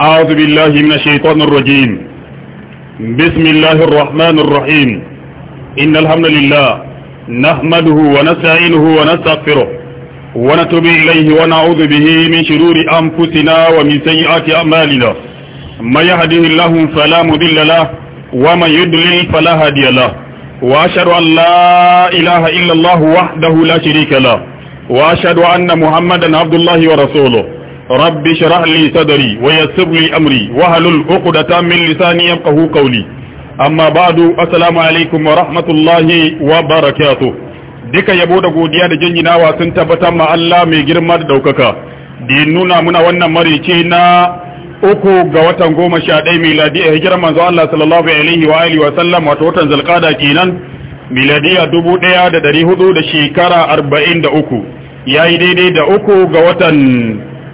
أعوذ بالله من الشيطان الرجيم بسم الله الرحمن الرحيم إن الحمد لله نحمده ونستعينه ونستغفره ونتوب إليه ونعوذ به من شرور أنفسنا ومن سيئات أعمالنا ما يهده الله فلا مضل له وما يضلل فلا هادي له وأشهد أن لا إله إلا الله وحده لا شريك له وأشهد أن محمدا عبد الله ورسوله رب اشرح لي صدري ويسر لي أمري وهلل عقدة من لساني يفقهوا قولي amma ba'du assalamu alaikum wa rahmatullahi wa barakatuh duka yabo da godiya da jinjinawa sun tabbatar ma Allah mai girma da daukaka da nuna muna wannan marici na uku ga watan goma sha ɗaya miladi a hijirar manzo Allah sallallahu alaihi wa alihi wato watan zalqada kenan miladiya dubu ɗaya da ɗari hudu da shekara arba'in da uku yayi daidai da uku ga watan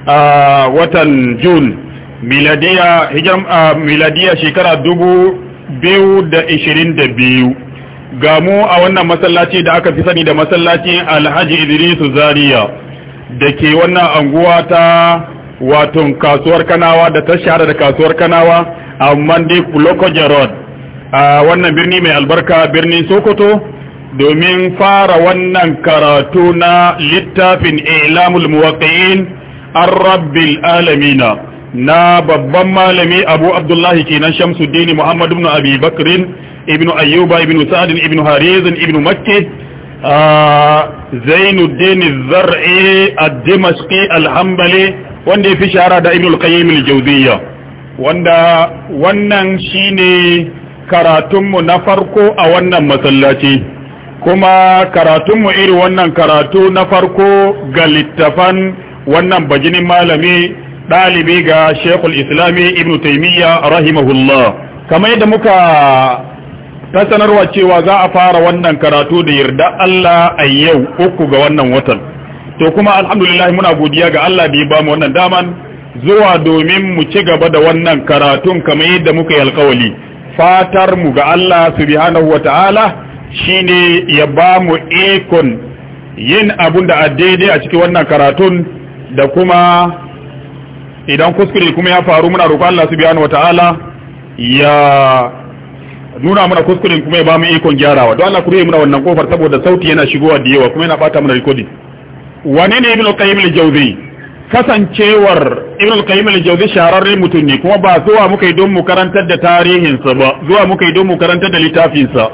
a watan jun miladiya shekara dubu biyu da ishirin da biyu gamu a wannan masallaci da aka fi sani da masallacin alhaji idrisu zaria da ke wannan anguwa ta waton kasuwar kanawa da ta shahara da kasuwar kanawa a mandi lokoja a wannan birni mai albarka birnin sokoto domin fara wannan karatu na littafin ilamul muwaƙi'in an alamina na babban malami abu abdullahi kenan shamsuddin muhammad ibn abi bakrin ibn ayyuba ibn sa'd ibn hariz ibn makki ah, zainuddin az-zar'i ad-dimashqi al-hanbali wanda ya fi shahara da ibn al-qayyim al-jawziyya wanda wannan shine karatunmu na farko a wannan masallaci kuma karatunmu iri wannan karatu na farko ga littafan wannan bajinin malami ɗalibi ga shekul islami ibn taimiyya rahimahullah kamar yadda muka ta cewa za a fara wannan karatu da yarda Allah a yau uku ga wannan watan to kuma alhamdulillah muna godiya ga Allah da ya bamu wannan daman zuwa domin mu ci gaba da wannan karatun kamar yadda muka yi alkawali fatar mu ga Allah subhanahu wataala shine ya bamu ikon yin abun da a daidai a cikin wannan karatun da kuma idan kuskure kuma ya faru muna roƙon Allah subhanahu wataala ya nuna mana kuskure kuma ya ba mu ikon gyarawa don Allah ku muna wannan kofar saboda sauti yana shigowa da yawa kuma yana bata mana recording wane ne ibn al qayyim al-jawzi kasancewar ibn al qayyim al-jawzi shahararren mutum ne kuma ba zuwa muka yi don mu karantar da tarihinsa ba zuwa muka yi don mu karantar da littafinsa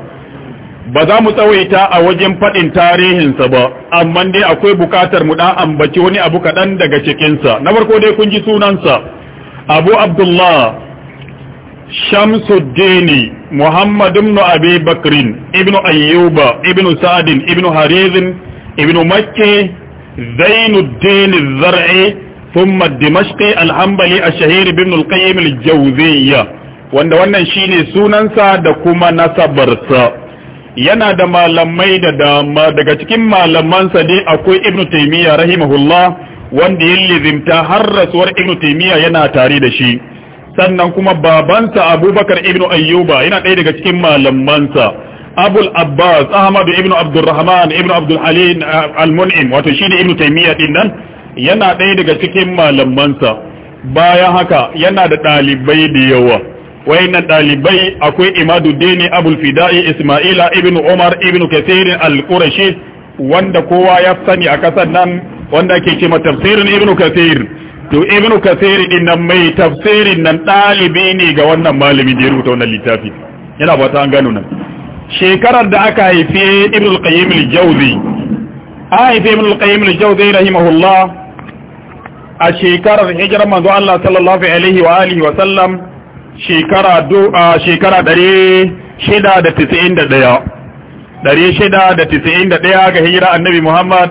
ba za mu tsawaita a wajen faɗin tarihinsa ba amma dai akwai bukatar mu ɗan ambaci wani abu kaɗan daga cikinsa na farko dai kun ji sunansa abu abdullah shamsuddini muhammad ibn abi bakrin ibn ayyuba ibn sa'adin ibn harizin ibn makke zainuddin zar'i thumma dimashqi al-hanbali ash-shahir ibn al-qayyim al-jawziyya wanda wannan shine sunansa da kuma nasabarsa yana da malamai da dama daga cikin malamansa ne akwai ibnu rahima rahimahullah wanda ya lizimta har rasuwar ibnu taymiya yana tare da shi sannan kuma babansa abubakar ibnu ayyuba yana ɗaya daga cikin malamansa abul abbas ahmad ibnu abdurrahman ibnu abdul halim eh, al-mun'im wato shine ibnu taymiya din nan yana ɗaya daga cikin malamansa bayan haka yana da ɗalibai da yawa wayannan ɗalibai akwai imaduddin abul fida'i isma'ila ibn umar ibn kathir al-qurashi wanda kowa ya sani a kasan nan wanda ake cewa tafsirin ibn kathir to ibn kathir din mai tafsirin nan dalibi ne ga wannan malami da ya rubuta wannan littafi yana fata an gano nan shekarar da aka haife ibn al-qayyim al a haife ibn al a shekarar hijirar manzo Allah shekara shekara ɗari shida da tisa'in da ɗaya ɗari shida da tisa'in da ɗaya ga hijira annabi muhammad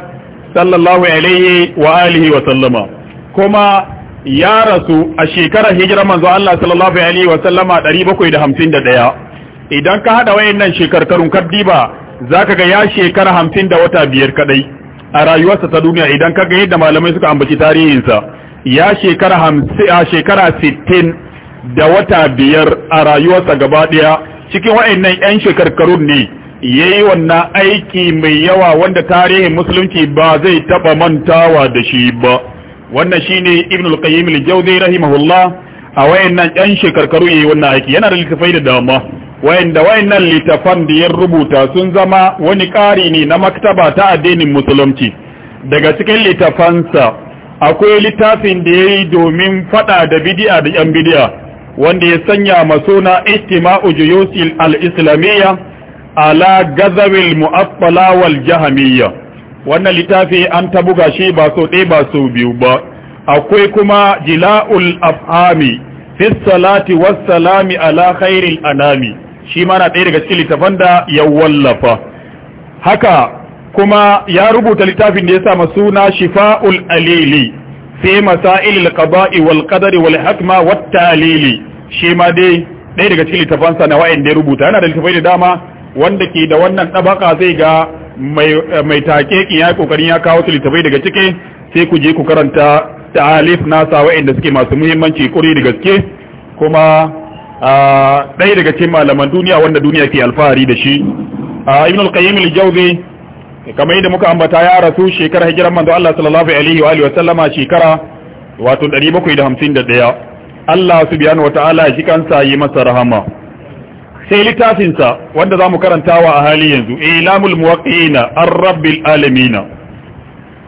sallallahu alaihi wa alihi wa sallama kuma ya rasu a shekara hijira manzo Allah sallallahu alaihi wa sallama ɗari bakwai da hamsin da ɗaya idan ka haɗa wayannan shekarkarun kaddiba za ka ga ya shekara hamsin da wata biyar kaɗai a rayuwarsa ta duniya idan ka ga yadda malamai suka ambaci tarihinsa ya shekara 50 a shekara sittin da wata biyar a rayuwarsa gaba ɗaya cikin wa'annan 'yan shekarkarun ne ya yi wannan aiki mai yawa wanda tarihin musulunci ba zai taɓa mantawa da shi ba wannan shine ibn al-qayyim al-jawzi rahimahullah a nan 'yan shekarkaru yi wannan aiki yana da littafai da dama wayanda nan littafan da ya rubuta sun zama wani ƙari ne na maktaba ta addinin musulunci daga cikin littafansa akwai littafin da ya yi domin faɗa da bidiya da yan bidiya. wanda ya sanya masuna ijtima'u juyusil al-islamiyya ala gazawil mu'affala wal jahamiyya wannan littafi an ta buga shi ba so ɗaya ba so biyu ba akwai kuma jila'ul afhami fi salati was ala khairil anami shi ma na ɗaya daga cikin littafan da ya wallafa haka kuma ya rubuta littafin da ya sa suna shifa'ul alili fi masailil qada'i wal qadari wal hikma wat ta'lili shi ma dai ɗaya daga cikin littafansa na wa'in da rubuta yana da littafai da dama wanda ke da wannan tabaka zai ga eh, mai take ki ya kokarin ya kawo su littafai daga cike sai ku je ku karanta ta'alif nasa wa'inda suke masu muhimmanci kuri da gaske kuma ɗaya daga cikin malaman duniya wanda duniya ke alfahari da shi ibn al-qayyim al-jawzi kamar yadda muka ambata ya rasu shekarar hijiran manzo Allah sallallahu alaihi wa alihi wa sallama shekara wato 751 Allah subhanahu wataala ya kansa yi masa rahama sai littafin sa wanda zamu karantawa a hali yanzu ilamul muwaqqi'ina ar-rabbil alamin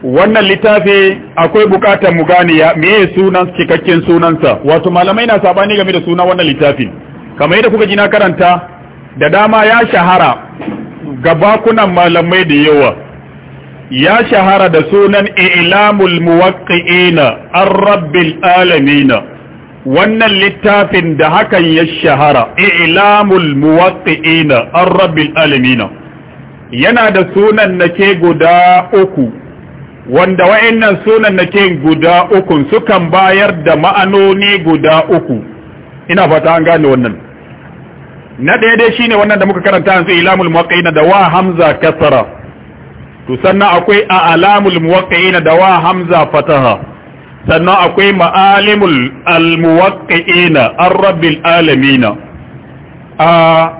wannan littafi akwai bukatar mu gane ya meye sunan cikakken sunansa wato malamai na sabani game da sunan wannan littafin kamar yadda kuka ji na karanta da dama ya shahara gabakunan malamai da yawa ya shahara da sunan ilamul muwaqqi'ina an rabbil alamina wannan littafin da hakan ya shahara ilamul muwaqqi'ina an rabbil alamina yana da sunan nake guda uku wanda wayannan sunan nake guda uku sukan bayar da ma'anoni guda uku ina fata an gane wannan na ɗaya dai shine wannan da muka karanta yanzu ilamul muwaqqi'ina da wa hamza kasara to sannan akwai a alamul muwaqqi'ina da wa hamza fataha sannan akwai ma'alimul almuwaqqi'ina ar-rabbil alamin a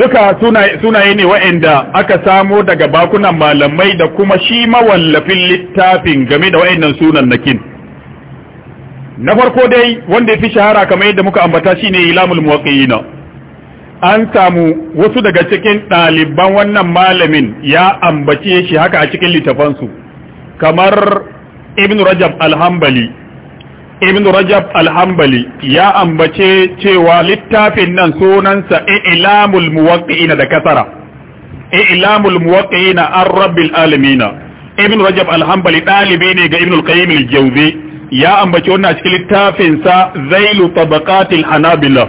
duka sunaye ne wa'anda aka samo daga bakunan malamai da kuma shi mawallafin littafin game da wa'annan sunan nakin na farko dai wanda ya fi shahara kamar yadda muka ambata shine ilamul muwaqqi'ina an samu wasu daga cikin ɗaliban wannan malamin ya ambace shi haka a cikin littafansu kamar ibn rajab alhambali ibn rajab alhambali ya ambace cewa littafin nan sunansa ilamul muwaqqi'ina da kasara ilamul muwaqqi'ina ar-rabbil alamin ibn rajab alhambali ɗalibi ne ga ibn al-qayyim al-jawzi ya ambaci wannan a cikin littafinsa sa zailu tabaqatil hanabila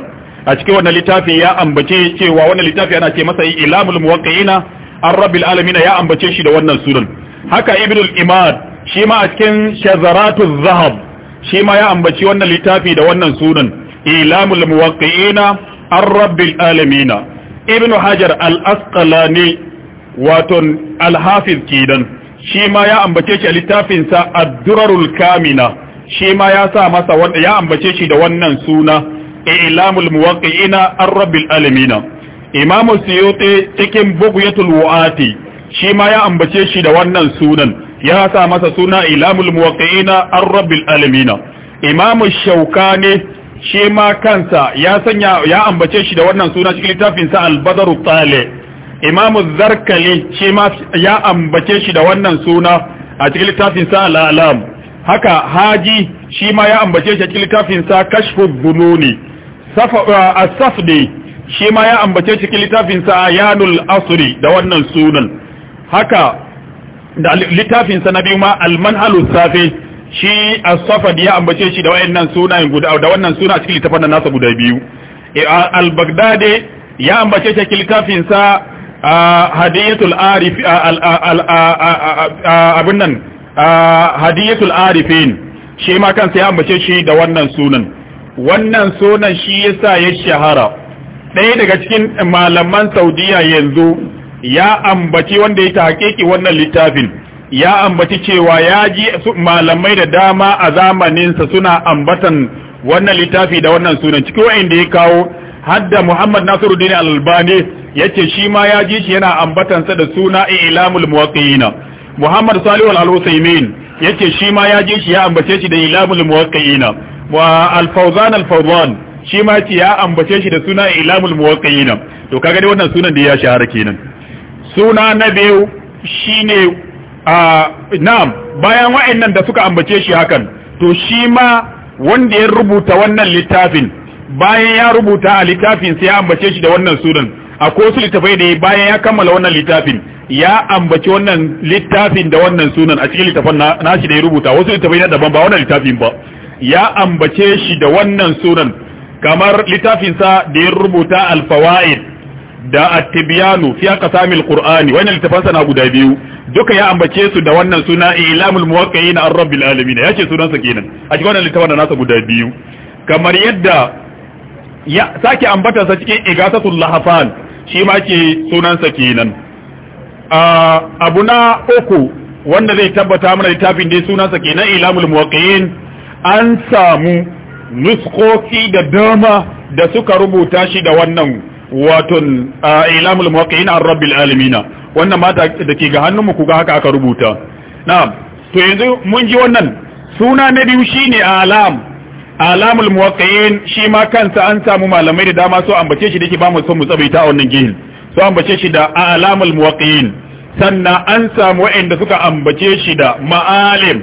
a cikin wannan littafin ya ambace cewa wannan littafi ana ce masa ilamul muwaqqi'ina arrabil alamin ya ambace shi da wannan sunan haka ibnul imad shi ma a cikin shazaratuz zahab shi ma ya ambaci wannan littafi da wannan sunan ilamul muwaqqi'ina arrabil alamin ibnu hajar al-asqalani waton al-hafiz kidan shi ma ya ambace shi a littafinsa ad-durarul kamina shi ma ya sa masa wanda ya ambace shi da wannan suna ilamul muwaqqi'ina ar-rabbil alamin imam suyuti cikin bughyatul wuati shi ma ya ambace shi da wannan sunan ya sa masa suna ilamul muwaqqi'ina ar-rabbil alamin imam shaukani shi ma kansa ya sanya ya ambace shi da wannan suna cikin littafin sa al-badru tale imam zarkali shi ma ya ambace shi da wannan suna a cikin littafin sa al-alam haka haji shi ma ya ambace shi cikin sa kashfu dhununi safa uh, as-safdi shi ma ya ambace shi cikin littafinsa ayanul asri da wannan sunan haka da littafinsa na biyu ma al-manhalu safi shi as safdi ya ambace shi da wayannan sunayen guda da wannan suna cikin littafin nasa guda biyu eh, al-baghdadi ya ambace shi cikin littafinsa uh, hadiyatul arif uh, abin nan hadiyatul arifin shi ma kansa ya ambace shi da wannan sunan wannan sunan shi yasa ya shahara ɗaya daga cikin malaman saudiya yanzu ya ambaci wanda ya hakiki wannan littafin ya ambaci cewa ya ji malamai da dama a zamaninsa suna ambatan wannan littafi da wannan sunan cikin wanda ya kawo hadda muhammad nasiruddin albani ya ce shi ma ya ji shi yana ambatansa da suna ilamul muwaƙina Muhammad Salihu al-Husaymin yace shi ma ya je shi ya ambace shi da ilamul muwaqqi'ina wa al-fawzan al-fawzan shi ma yace ya ambace shi da suna ilamul muwaqqi'ina to kaga dai wannan sunan da ya shahara kenan suna na biyu shine a na'am bayan wa'annan da suka ambace shi hakan to shi ma wanda ya rubuta wannan littafin bayan ya rubuta a littafin sai ya ambace shi da wannan sunan akwai wasu littafai da bayan ya kammala wannan littafin ya ambaci wannan littafin da wannan sunan a cikin littafin nashi da ya rubuta wasu littafai na daban ba wannan littafin ba ya ambace shi da wannan sunan kamar littafinsa da ya rubuta alfawaid da at-tibyanu fi qasamil qur'ani wannan sa na guda biyu duka ya ambace su da wannan suna ilamul muwaqqi'in ar-rabbil alamin yace sunansa kenan a cikin wannan littafin nasa guda biyu kamar yadda ya sake ambata sa cikin igasatul lahafan shi ma ke sunansa kenan abu na uku wanda zai tabbata mana littafin da sunansa kenan ilamul muwaqqi'in an samu nuskoki da dama da suka rubuta shi da wannan waton ilamul muwaqqi'in ar rabbil alamin wannan ma da ke ga hannunmu ku ga haka aka rubuta na'am to yanzu mun ji wannan suna na biyu shine alam alamul muwaqqi'in shi ma kansa an samu malamai da dama so ambace shi dake ba mu son mu tsabaita a wannan gihin so ambace shi da alamul muwaqqi'in sannan an samu wa'anda suka ambace shi da ma'alim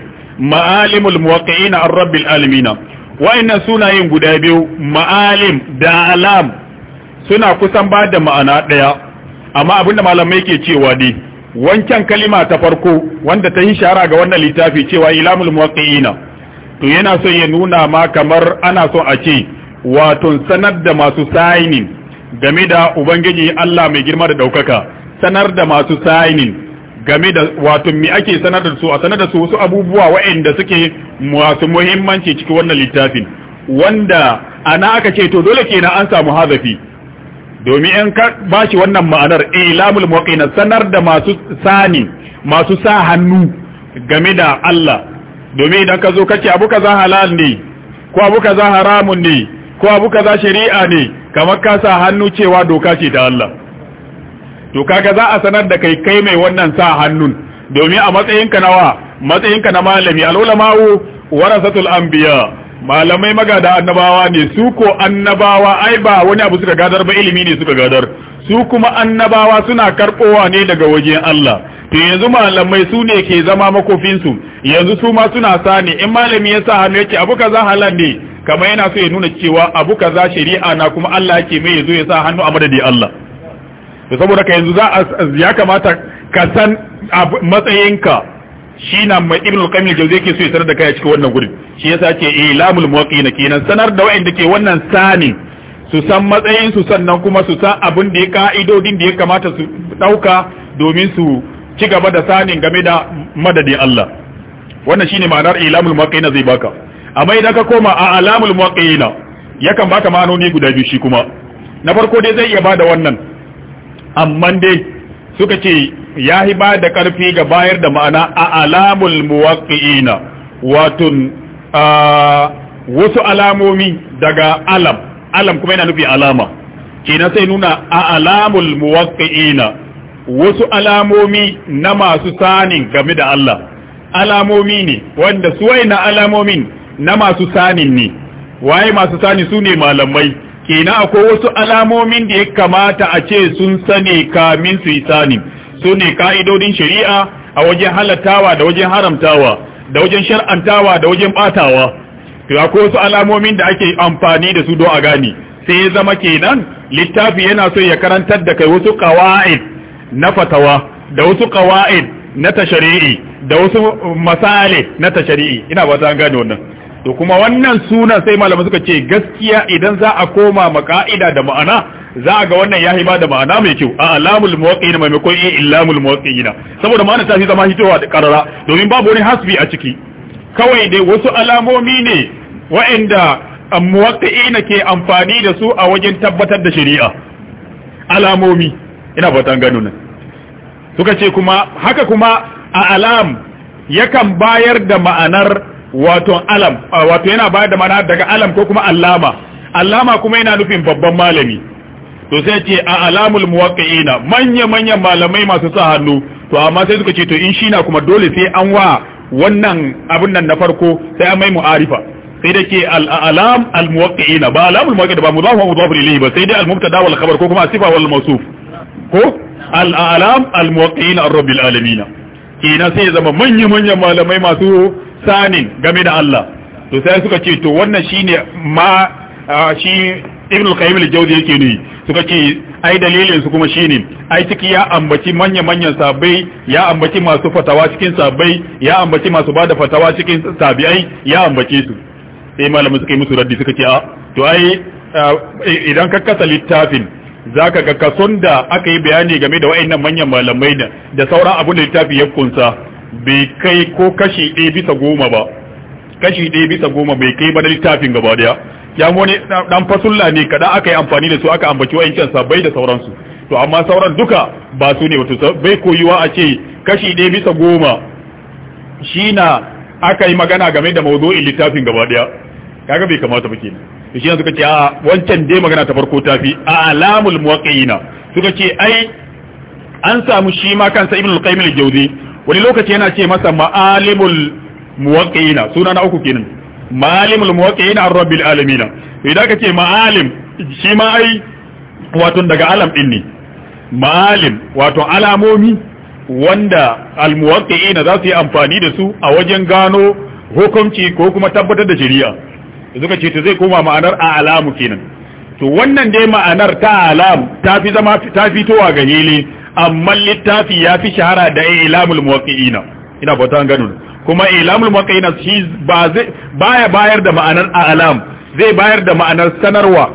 ma'alimul muwaqqi'in ar-rabbil alamin wa'annan sunayen guda biyu ma'alim da alam suna kusan ba da ma'ana daya amma abinda malamai ke cewa ne, wancan kalima ta farko wanda ta yi shara ga wannan littafi cewa ilamul muwaqqi'ina to yana son ya nuna ma kamar ana son a ce wato sanar da masu sainin game da ubangiji Allah mai girma da ɗaukaka sanar da masu sainin game da wato mi ake sanar da su a sanar da su wasu abubuwa waɗanda suke masu muhimmanci cikin wannan littafin wanda ana aka ce to dole kenan an samu hazafi domin in ka bashi wannan ma'anar ilamul muqina sanar da masu sani masu sa hannu game da Allah domin idan ka zo kake abu kaza halal ne ko abu kaza haramun ne ko abu kaza shari'a ne kamar ka sa hannu cewa doka ce ta Allah to kaga za a sanar da kai kai mai wannan sa hannun domin a matsayinka nawa matsayinka na malami al-ulama'u warasatul anbiya malamai magada annabawa ne su ko annabawa ai ba wani abu suka gadar ba ilimi ne suka gadar su kuma annabawa suna karbowa ne daga wajen Allah to yanzu malamai su ne ke zama makofinsu yanzu su ma suna sani in malami ya sa hannu yake abu kaza halal ne kamar yana so ya nuna cewa abu kaza shari'a na kuma Allah yake mai yazo ya sa hannu a madadin Allah to saboda ka yanzu za ya kamata ka san matsayinka shi na mai ibn al-qayyim al so ya sanar da kai a cikin wannan gurin shi yasa ke ilamul eh, muwaqqin kenan sanar da wa'anda ke wannan sani su san matsayin su sannan kuma su san abin da ya ka'idodin da ya kamata su dauka domin su ci gaba da sani game da madadin Allah wannan shine ma'anar ilamul muqina zai baka amma idan ka koma a alamul muqina yakan baka ma'anoni guda biyu shi kuma na farko dai zai iya da wannan amma dai suka ce yahi ba da karfi ga bayar da ma'ana a alamul muqina wato wasu alamomi daga alam alam kuma yana nufi alama kenan sai nuna a alamul muwaqqi'ina wasu alamomi na masu sanin game da Allah alamomi ne wanda su na alamomin na masu sanin ne waye masu sani su ne malamai kenan akwai wasu alamomin da ya kamata a ce sun sani kamin su yi sanin su ne ka'idodin shari'a a wajen halattawa da wajen haramtawa da wajen shar'antawa da wajen batawa to akwai wasu alamomin da ake amfani da su don a gani sai ya zama kenan littafi yana so ya karantar da kai wasu qawaid na fatawa da wasu qawaid na tashari'i da wasu masale na tashari'i ina ba ta gane wannan to kuma wannan sunan sai malamai suka ce gaskiya idan za a koma maka'ida da ma'ana za a ga wannan yahi ma da ma'ana mai kyau a alamul muwaqqin maimakon in illamul muwaqqina saboda ma'ana ta fi zama hitowa da karara domin babu wani hasbi a ciki kawai dai wasu alamomi ne wa'inda muwaqqina ke amfani da su a wajen tabbatar da shari'a alamomi ina fatan gano nan suka ce kuma haka kuma a alam yakan bayar da ma'anar wato alam wato yana bayar da ma'anar daga alam ko kuma allama allama kuma yana nufin babban malami to sai ce a alamul muwaqqi'ina manya manya malamai masu sa hannu to amma sai suka ce to in shi na kuma dole sai an wa wannan abin nan na farko sai an mai mu'arifa sai da ke al'alam al-muwaqqi'ina ba alamul muwaqqi'ina ba mudafu ba sai dai al-mubtada wal khabar ko kuma sifa wal mawsuf ko al'alam al-muwaqqi'in ar-rabbil alamin kina sai ya zama manya manya malamai masu sanin game da Allah to sai suka ce to wannan shine ma shi Ibn al-Qayyim al-Jawzi yake ne suka ce ai dalilin su kuma shine ai ciki ya ambaci manya manyan sabai ya ambaci masu fatawa cikin sabai ya ambaci masu bada fatawa cikin sabai, ya ambace su sai malamin suka yi musu raddi suka ce a to ai idan ka kasa littafin zaka ga kason da aka yi bayani game da wayannan manyan malamai da da sauran abun da littafi ya kunsa bai kai ko kashi ɗaya bisa goma ba kashi ɗaya bisa goma bai kai ba da littafin gaba daya ya wani dan fasulla ne kada aka yi amfani da su aka ambaci wayancan sabai da sauransu to amma sauran duka ba su ne wato bai koyuwa a ce kashi ɗaya bisa goma shi na aka yi magana game da mawdu'in littafin gaba daya kaga bai kamata ba kenan to shi suka ce a wancan dai magana ta farko ta fi a alamul muwaqqi'ina suka ce ai an samu shi ma kansa ibn al-qayyim al-jawzi wani lokaci yana ce masa ma'alimul muwaqqi'ina suna na uku kenan ma'alimul muwaqqi'ina ar-rabbil alamin idan ka ce ma'alim shi ma ai wato daga alam din ne ma'alim wato alamomi wanda al-muwankai almuwaqqi'ina za su yi amfani da su a wajen gano hukunci ko kuma tabbatar da shari'a suka ce ta zai koma ma'anar a a'lamu kenan to wannan dai ma'anar ta alam ta fi zama ta fitowa ga hili amma littafi ya fi shahara da ilamul muwaqqi'ina ina bauta an gano kuma ilamul muwaqqi'ina shi ba zai baya bayar da ma'anar a a'lam zai bayar da ma'anar sanarwa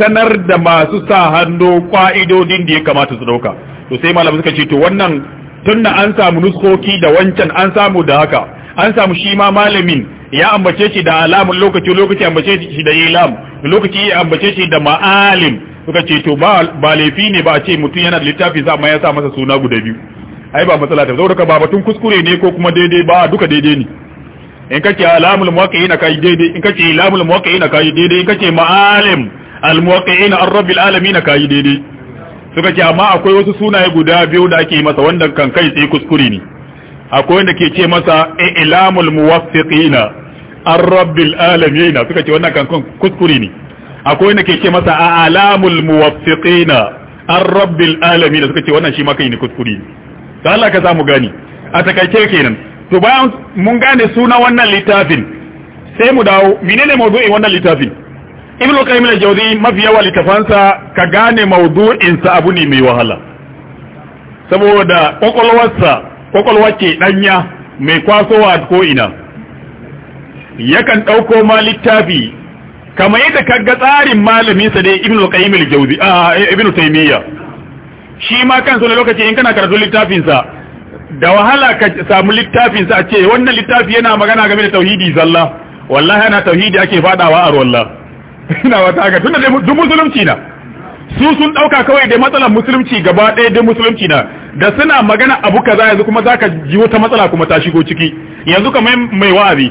sanar da masu sa hannu kwa'idodin da ya kamata su dauka to sai malam suka ce to wannan tunda an samu nuskoki da wancan an samu da haka an samu shi ma malamin ya ambace shi da alamun lokaci lokaci ambace shi da ilam lokaci ya ambace shi da ma'alim suka ce to ba laifi ne ba a ce mutum yana da littafi za ma ya sa masa suna guda biyu ai ba matsala ta zauraka ba batun kuskure ne ko kuma daidai ba duka daidai ne in kace alamul muwaqqi'ina kai daidai in kace ilamul muwaqqi'ina kai daidai in kace ma'alim al muwaqqi'ina ar-rabbil alamin kai daidai suka ce amma akwai wasu sunaye guda biyu da ake masa wanda kan kai sai kuskure ne akwai wanda ke ce masa e, ilamul muwaqqi'ina an alamin suka ce wannan kan kuskure ne akwai wanda ke ce masa a alamul muwaffiqina an alamin suka ce wannan shi ma kai ne kuskure ne to Allah ka zamu gani a takaice kenan to bayan mun gane suna wannan littafin sai mu dawo menene mawdu'in wannan littafin ibnu qayyim al-jawzi mafi yawa littafansa ka gane mawdu'in sa abu ne mai wahala saboda kokolwarsa kokolwace danya mai kwasowa ko ina yakan ɗauko ma littafi kamar yadda kaga tsarin malaminsa dai ibn qayyim al-jawzi ibn taymiya shi ma kansa ne lokaci in kana karatu littafinsa da wahala ka samu littafinsa a ce wannan littafi yana magana game da tauhidi zalla wallahi ana tauhidi ake fadawa a wallah ina wata ga tunda dai duk musulunci na su sun dauka kawai da matsalar musulunci gaba ɗaya dai musulunci na da suna magana abu kaza yanzu kuma zaka ji wata matsala kuma ta shigo ciki yanzu kamar mai wa'azi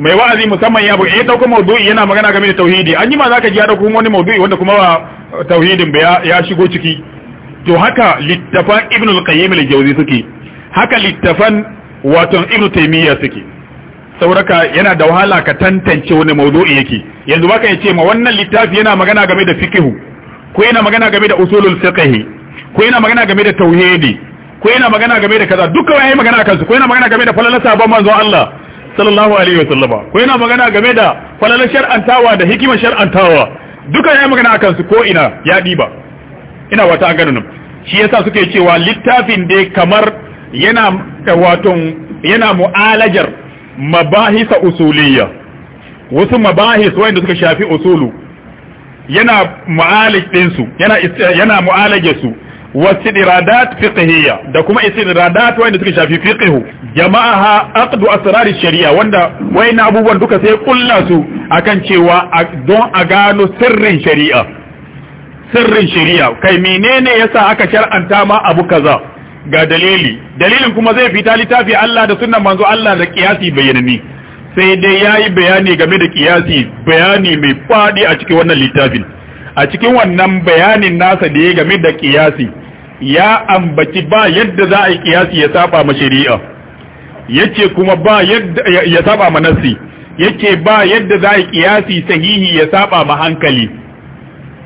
mai wa'azi musamman ya buƙaci ya dauko maudu'i yana magana game da tauhidi an yi ma zaka ji ya dauko wani maudu'i wanda kuma ba tauhidin ba ya shigo ciki to haka littafan ibnu al-qayyim al-jawzi suke haka littafan wato ibnu taymiya suke sauraka yana da wahala ka tantance wani maudu'i yake yanzu baka ya ce ma wannan littafi yana magana game da fiqhu ko yana magana game da usulul fiqh ko yana magana game da tauhidi ko yana magana game da kaza duka yayi magana kansu ko yana magana game da falalar sabon manzon Allah sallallahu alaihi wa sallama ko yana magana game da falalar shar'antawa da hikimar shar'antawa duka ya magana akan su ko ina ya diba ina wata an ganin shi yasa suke cewa littafin dai kamar yana eh, wato yana mu'alajar mabahisa usuliyya wasu mabahis wanda suka shafi usulu yana mu'alij eh, su yana yana su wasu iradat fiqhiyya da kuma iradat wanda suka shafi fiqhu ha aqdu asrar shari'a wanda na abubuwan duka sai kulla su akan cewa don a gano sirrin shari'a sirrin shari'a kai menene yasa aka shar'anta ma abu kaza ga dalili dalilin kuma zai fita littafi Allah da sunnan manzo Allah da kiyasi bayanani sai dai yayi bayani game da qiyasi bayani mai fadi a cikin wannan littafin a cikin wannan bayanin nasa da ya game da kiyasi ya ambaci ba yadda za a yi kiyasi ya saba ma shari'a yace kuma ba yadda ya saba ma nafsi yace ba yadda za a yi kiyasi sahihi ya saba ma hankali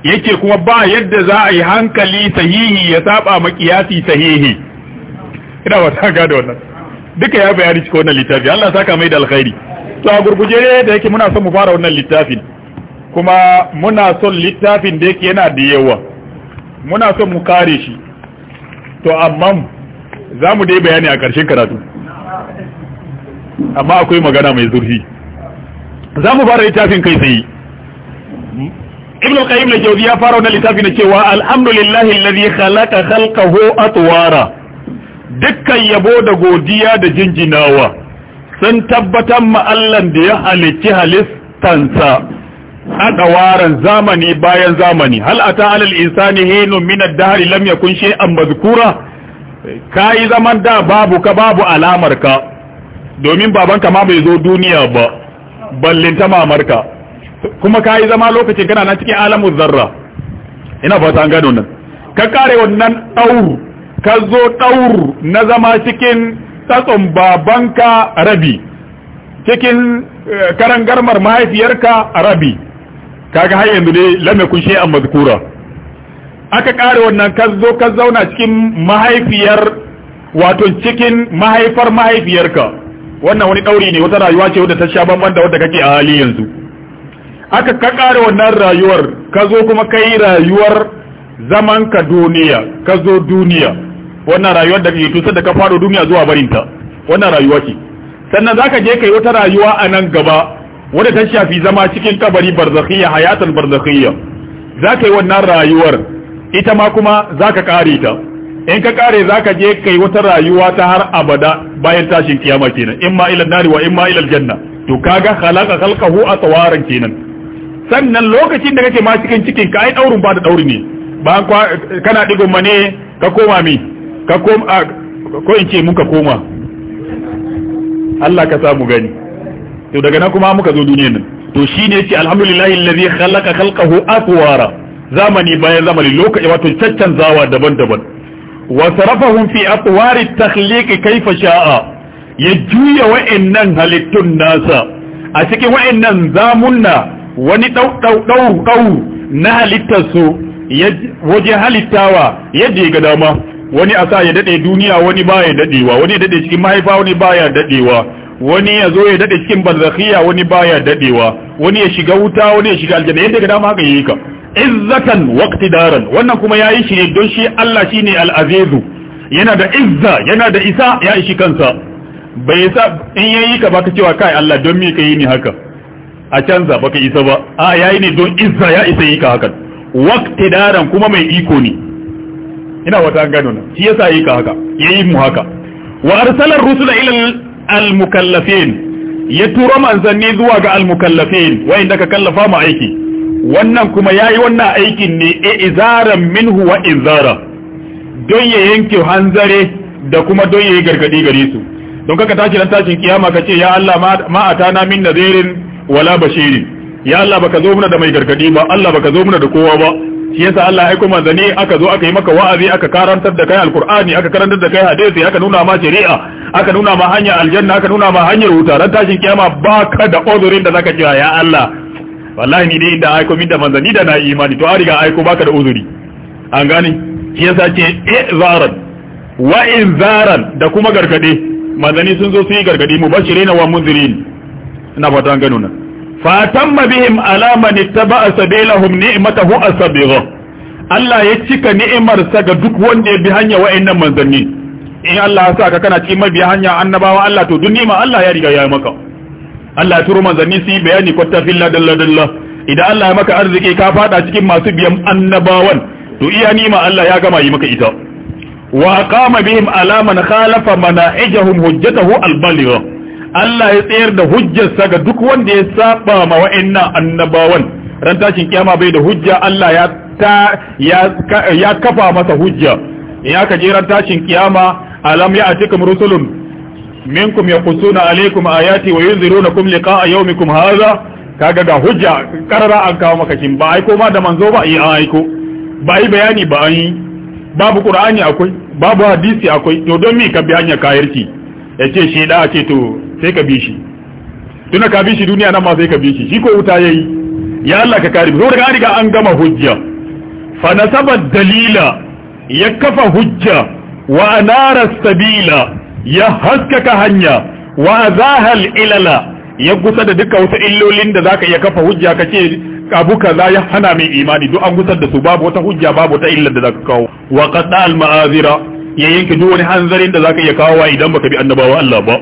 yace kuma ba yadda za a yi hankali sahihi ya saba ma kiyasi sahihi ina wata ga da wannan duka ya bayani cikin wannan littafi Allah saka mai da alkhairi to a gurguje da yake muna son mu fara wannan littafin kuma muna son littafin da yake yana da yawa muna son mu kare shi to amma za mu dai bayani a ƙarshen karatu amma akwai magana mai zurfi za mu fara littafin kai tsaye ibn al-qayyim al ya fara wannan littafi na cewa alhamdulillahi alladhi khalaqa khalqahu atwara dukkan yabo da godiya da jinjinawa sun tabbatar ma da ya halicci sa. adawaran zamani bayan zamani hal ata alal insani hinu min ad-dahr lam yakun shay'an mazkura kai zaman da babu ka babu alamar ka domin ka ma bai zo duniya ba ballinta ka kuma kai zama lokacin kana nan cikin alamu zarra ina ba ta gano nan ka kare wannan daur ka zo daur na zama cikin tsatson babanka rabi cikin eh, karangarmar mahaifiyarka rabi kaga har yanzu ne lam yakun shay'an mazkura aka kare wannan ka zo ka zauna cikin mahaifiyar wato cikin mahaifar mahaifiyarka wannan wani dauri ne wata rayuwa ce wadda ta sha bamban da wadda kake a hali yanzu aka ka kare wannan rayuwar ka zo kuma kai rayuwar zaman ka duniya ka zo duniya wannan rayuwar da kake tusa da ka faro duniya zuwa barinta wannan rayuwa ce sannan zaka je kai wata rayuwa a nan gaba wadda ta shafi zama cikin kabari barzakhiyya hayatan barzakhiyya za ka yi wannan rayuwar ita ma kuma za ka kare ta in ka kare za ka je kai wata rayuwa ta har abada bayan tashin kiyama kenan in ma ilal nari wa in ma ilal janna to kaga khalaqa khalqahu atwaran kenan sannan lokacin da kake ma cikin cikin ka ai daurin ba da daurin ne ba kana digon mane ka koma mi ka koma ko in ce muka koma Allah ka samu gani to daga nan kuma muka zo duniyar nan to shine yace alhamdulillahi allazi khalaqa khalqahu atwara zamani bayan zamani lokaci wato zawa daban-daban wa sarafahum fi atwar takhliq kayfa sha'a ya juya wa'annan halittun nasa a cikin wa'annan zamunna wani dau dau dau dau na halittarsu waje halittawa yadda ya ga dama wani asa ya dade duniya wani baya dadewa wani ya dade cikin mahaifa wani baya dadewa wani ya zo ya dade cikin barzakhiya wani baya dadewa wani ya shiga wuta wani ya shiga aljanna yadda ga dama haka yi ka izzatan waqtidaran wannan kuma yayi shi ne don shi Allah shine al-azizu yana da izza yana da isa ya ishi kansa bai sa in yayi ka baka cewa kai Allah don me kai ni haka a canza baka isa ba a yayi ne don izza ya isa yi ka haka waqtidaran kuma mai iko ne ina wata gano na shi yasa yi ka haka yayi mu haka wa arsala rusula ila al ya turo manzanni zuwa ga al wayan da ka kallafa mu aiki wannan kuma yayi wannan aikin ne e izaran minhu wa inzara don ya yanke hanzare da kuma don yi gargadi gare su don kaka tashi ran tashin kiyama ka ce ya Allah ma atana min nadirin wala bashirin ya Allah baka zo muna da mai gargadi ba Allah baka zo muna da kowa ba shi yasa Allah aiko manzanni aka zo aka yi maka wa'azi aka karantar da kai alqur'ani aka karantar da kai hadisi aka nuna ma shari'a aka nuna ma hanyar aljanna aka nuna ma hanyar wuta ran tashin kiyama baka da uzurin da zaka cewa ya Allah wallahi ni dai inda aiko min da manzani da na imani to an riga aiko baka da uzuri an gane shi yasa ce izaran wa inzaran da kuma gargade manzani sun zo su yi gargade mubashirin wa munzirin ina fata an gano nan fatamma bihim ala man ittaba'a sabilahum ni'matahu asbigha Allah ya cika ni'imar sa ga duk wanda ya bi hanya wa'annan manzanni in Allah ya saka kana cikin mabiya hanya annabawa Allah to dunima Allah ya riga ya maka Allah ya turo manzanni su yi bayani kwatta filla dalla dalla idan Allah ya maka arziki ka fada cikin masu biyan annabawan to iya nima Allah ya gama yi maka ita wa aqama bihim ala man khalafa mana'ijahum hujjatahu al-baligha Allah ya tsayar da hujjarsa ga duk wanda ya saba ma wa'annan annabawan ran tashin kiyama bai da hujja Allah ya ta ya kafa masa hujja in aka je ran tashin kiyama alam atikum rusulun minkum yaqusuna alaykum ayati wa yunzirunakum liqa'a yawmikum hadha kaga ga hujja karara an kawo maka kin ba aiko ma da manzo ba ai an aiko ba yi bayani ba an yi babu qur'ani akwai babu hadisi akwai to don me ka bi hanya kayarki yace shi da ce to sai ka bi shi tuna ka bi shi duniya nan ma sai ka bi shi shi ko wuta yayi ya Allah ka kare mu daga an riga an gama hujja fa nasaba dalila ya kafa hujja wa anara sabila ya haskaka hanya wa zahal ilala ya gusa da duka wata illolin da zaka iya kafa hujja kace abu kaza ya hana mai imani duk an gusar da su babu wata hujja babu wata illa da zaka kawo wa qada al ma'azira ya yanke duk wani hanzarin da zaka iya kawo idan baka bi annabawa Allah ba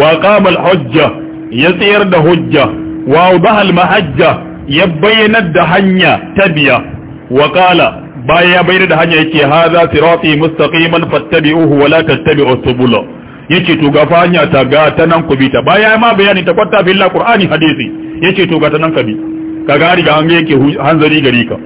wa qama al hujja ya tsayar da hujja wa wadaha al mahajja ya bayyanar da hanya ta biya wa qala bayan ya bayyana da hanya yake haza sirati mustaqiman fattabi'uhu wa la tattabi'u subula yace to ga hanya ta ga ta nan ku bi ta baya ma bayani ta kwatta billahi qur'ani hadisi yace to ga ta nan ka bi ka ga riga an yake hanzari gari ka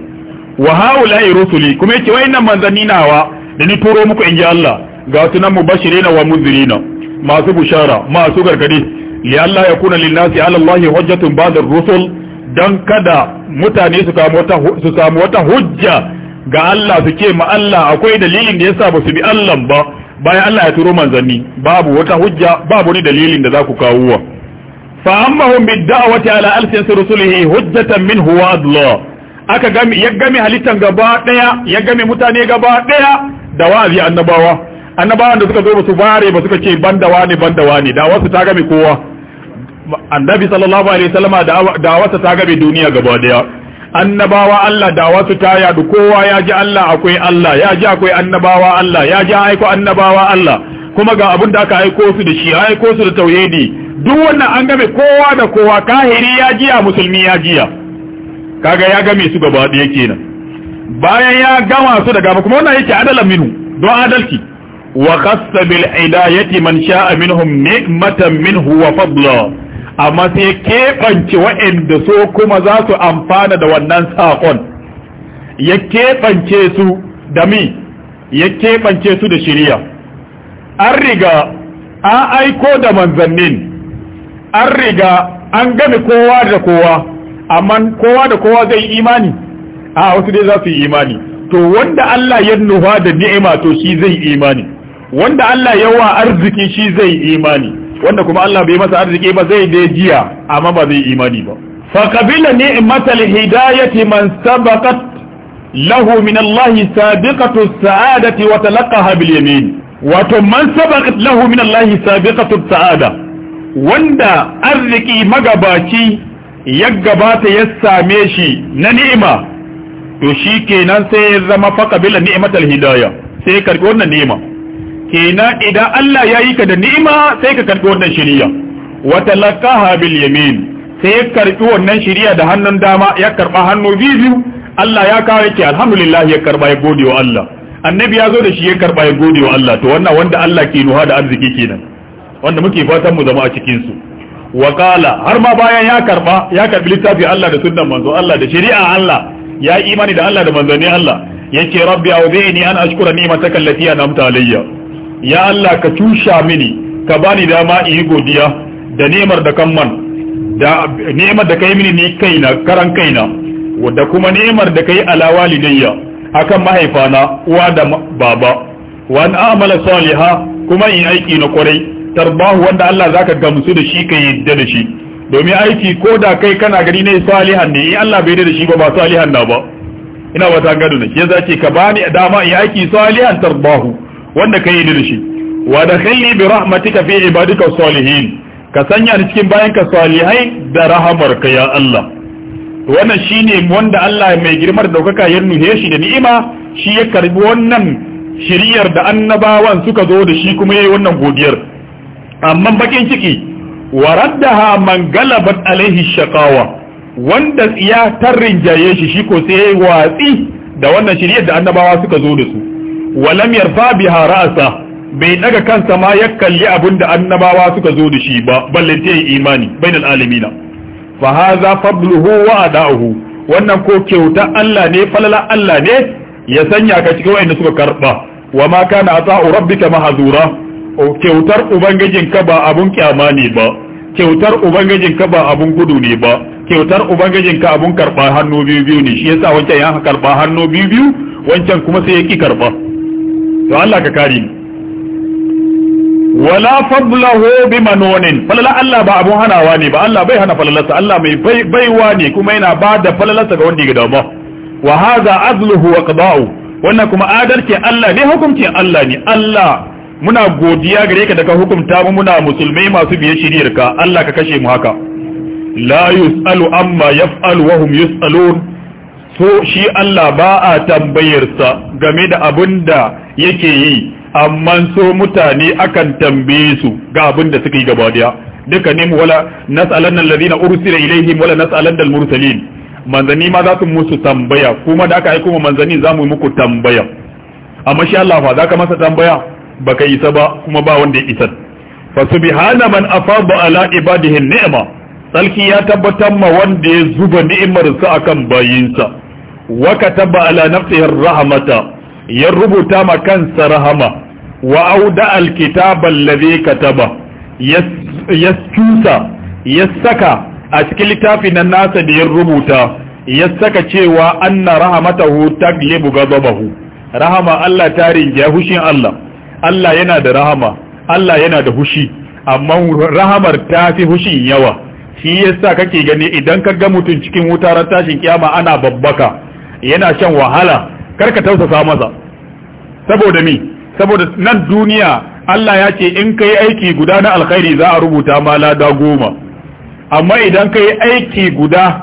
wa haula'i rusuli kuma yace wayannan manzanni nawa da ni turo muku inji Allah ga sunan mubashirina wa munzirina masu bushara masu gargadi li Allah ya kuna linnasi ala Allah hujjatun ba'da rusul dan kada mutane su sami wata hujja ga Allah su ce ma Allah akwai dalilin da yasa ba su bi Allah ba bayan Allah ya turo manzanni babu wata hujja babu ni dalilin da za ku kawo wa fa ammahum bid da'wati ala alsin rusulihi hujjatan min huwa Allah aka gami ya gami halittan gaba daya ya gami mutane gaba daya da wa'azi annabawa annabawan da suka zo ba su bare ba suka ce banda wani banda wani da wasu ta gami kowa annabi sallallahu alaihi wasallama da wasu ta gami duniya gaba daya annabawa Allah da wasu ta yadu kowa ya ji Allah akwai Allah ya ji akwai annabawa Allah ya ji aiko annabawa Allah kuma ga abin da aka aiko su da shi aiko su da tauhidi duk wannan an game kowa da kowa kahiri ya jiya musulmi ya jiya kaga ya game su gaba ɗaya kenan bayan ya gama su daga kuma wannan yake adalan minu don adalci wa khassa bil hidayati man sha'a minhum ni'matan minhu wa fadla amma sai keɓance waɗanda so kuma za su amfana da wannan saƙon ya keɓance su da mi ya keɓance su da shirya an riga an aiko da manzannin an riga an gami kowa da kowa amma kowa da kowa zai yi imani a wasu dai za su yi imani to wanda Allah ya nufa da ni'ima to shi zai imani wanda Allah ya wa arziki shi zai imani wanda kuma Allah bai masa arziki ba zai dai jiya amma ba zai imani ba fa qabila ni'matal hidayati man sabaqat lahu min Allah sabiqatu sa'adati wa talaqaha bil yamin wato man sabaqat lahu min Allah sabiqatu sa'ada wanda arziki magabaci ya gabata ya same shi na ni'ima to shikenan sai ya zama fa qabila ni'matal hidayah sai karbi wannan ni'ima kenan idan Allah ya yi ka da ni'ima sai ka karɓi wannan shiriya wa talaqaha bil yamin sai ya karɓi wannan shiriya da hannun dama ya karɓa hannu biyu Allah ya kawo yake alhamdulillah ya karɓa ya gode wa Allah annabi ya zo da shi ya karɓa ya gode wa Allah to wannan wanda Allah ke nuha da arziki kenan wanda muke fatan mu zama a cikin su wa qala har ma bayan ya karɓa ya karɓi littafi Allah da sunnan manzo Allah da shari'a Allah ya imani da Allah da manzanni Allah yake rabbi auzi'ni an ashkura ni'mataka an'amta alayya ya Allah ka tusha mini ka bani dama in yi godiya da nemar da kan man da nemar da kai mini ni kaina karan kaina da kuma nemar da kai ala walidayya akan mahaifana uwa da baba wani amala saliha kuma in aiki na kwarai tarbahu wanda Allah zaka gamsu da shi ka yadda da shi domin aiki ko da kai kana gari ne salihan ne in Allah bai da shi ba ba salihan na ba ina wata gado ne ke ce ka bani dama in aiki salihan tarbahu wanda ka yi da shi wa da khalli bi rahmatika fi ibadika salihin ka sanya ni cikin bayan ka salihai da ka ya Allah wannan shine wanda Allah mai girmar daukaka ya nuhe shi da ni'ima shi ya karbi wannan shiriyar da annabawan suka zo da shi kuma yayi wannan godiyar amma bakin ciki wa raddaha man galabat alaihi shaqawa wanda tsiya tarrin shi shi ko sai watsi da wannan shiriyar da annabawa suka zo da su walam yarfa biha ra'sa bai daga kansa ma ya kalli abin da annabawa suka zo da shi ba ballante yi imani bainal alamina fa hadha fadluhu wa ada'uhu wannan ko kyauta Allah ne falala Allah ne ya sanya ka cikin da suka karba wa ma kana ata'u rabbika mahzura kyautar ubangijinka ba abun kyama ne ba kyautar ubangijinka ba abun gudu ne ba kyautar ubangijinka abun karba hannu biyu biyu ne shi yasa wancan ya karba hannu biyu biyu wancan kuma sai ya ki karba to Allah ka kare ni wala fadlahu bi manunin falala Allah ba abun hanawa ne ba Allah bai hana falalarsa Allah mai baiwa ne kuma yana ba da falalarsa ga wanda ya dama wa hadha azluhu wa qada'u wannan kuma adalci Allah ne hukunci Allah ne Allah muna godiya gare ka da ka hukunta mu muna musulmai masu biye shiriyar ka Allah ka kashe mu haka la yusalu amma yaf'alu wa hum yusalun to shi Allah ba a tambayarsa game da abin da yake yi amma so mutane akan tambaye su ga abin da suka yi gaba daya duka ne wala nas'alanna alladhina ursila ilaihim wala nas'alanna al-mursalin manzani ma za su musu tambaya kuma da aka aiko mu manzani za mu yi muku tambaya amma shi Allah fa ka masa tambaya baka isa ba kuma ba wanda ya isa fa subhana man afada ala ibadihi ni'ma Sarki ya tabbatar ma wanda ya zuba ni'imar su akan bayinsa wa kataba ala nafsihi rahmata ya rubuta ma kansa rahama wa auda alkitaba alladhi kataba ya cusa ya saka a cikin littafin nan nasa da ya rubuta ya saka cewa anna rahmatahu taglibu ghadabahu rahama Allah ta rinja hushin Allah Allah yana da rahama Allah yana da hushi amma rahamar ta fi hushin yawa shi yasa kake gani idan ka ga mutum cikin wuta tashin kiyama ana babbaka yana shan wahala karka tausasa masa saboda mi saboda nan duniya Allah ya ce in kai aiki guda na alkhairi za a rubuta ma lada goma amma idan kai aiki guda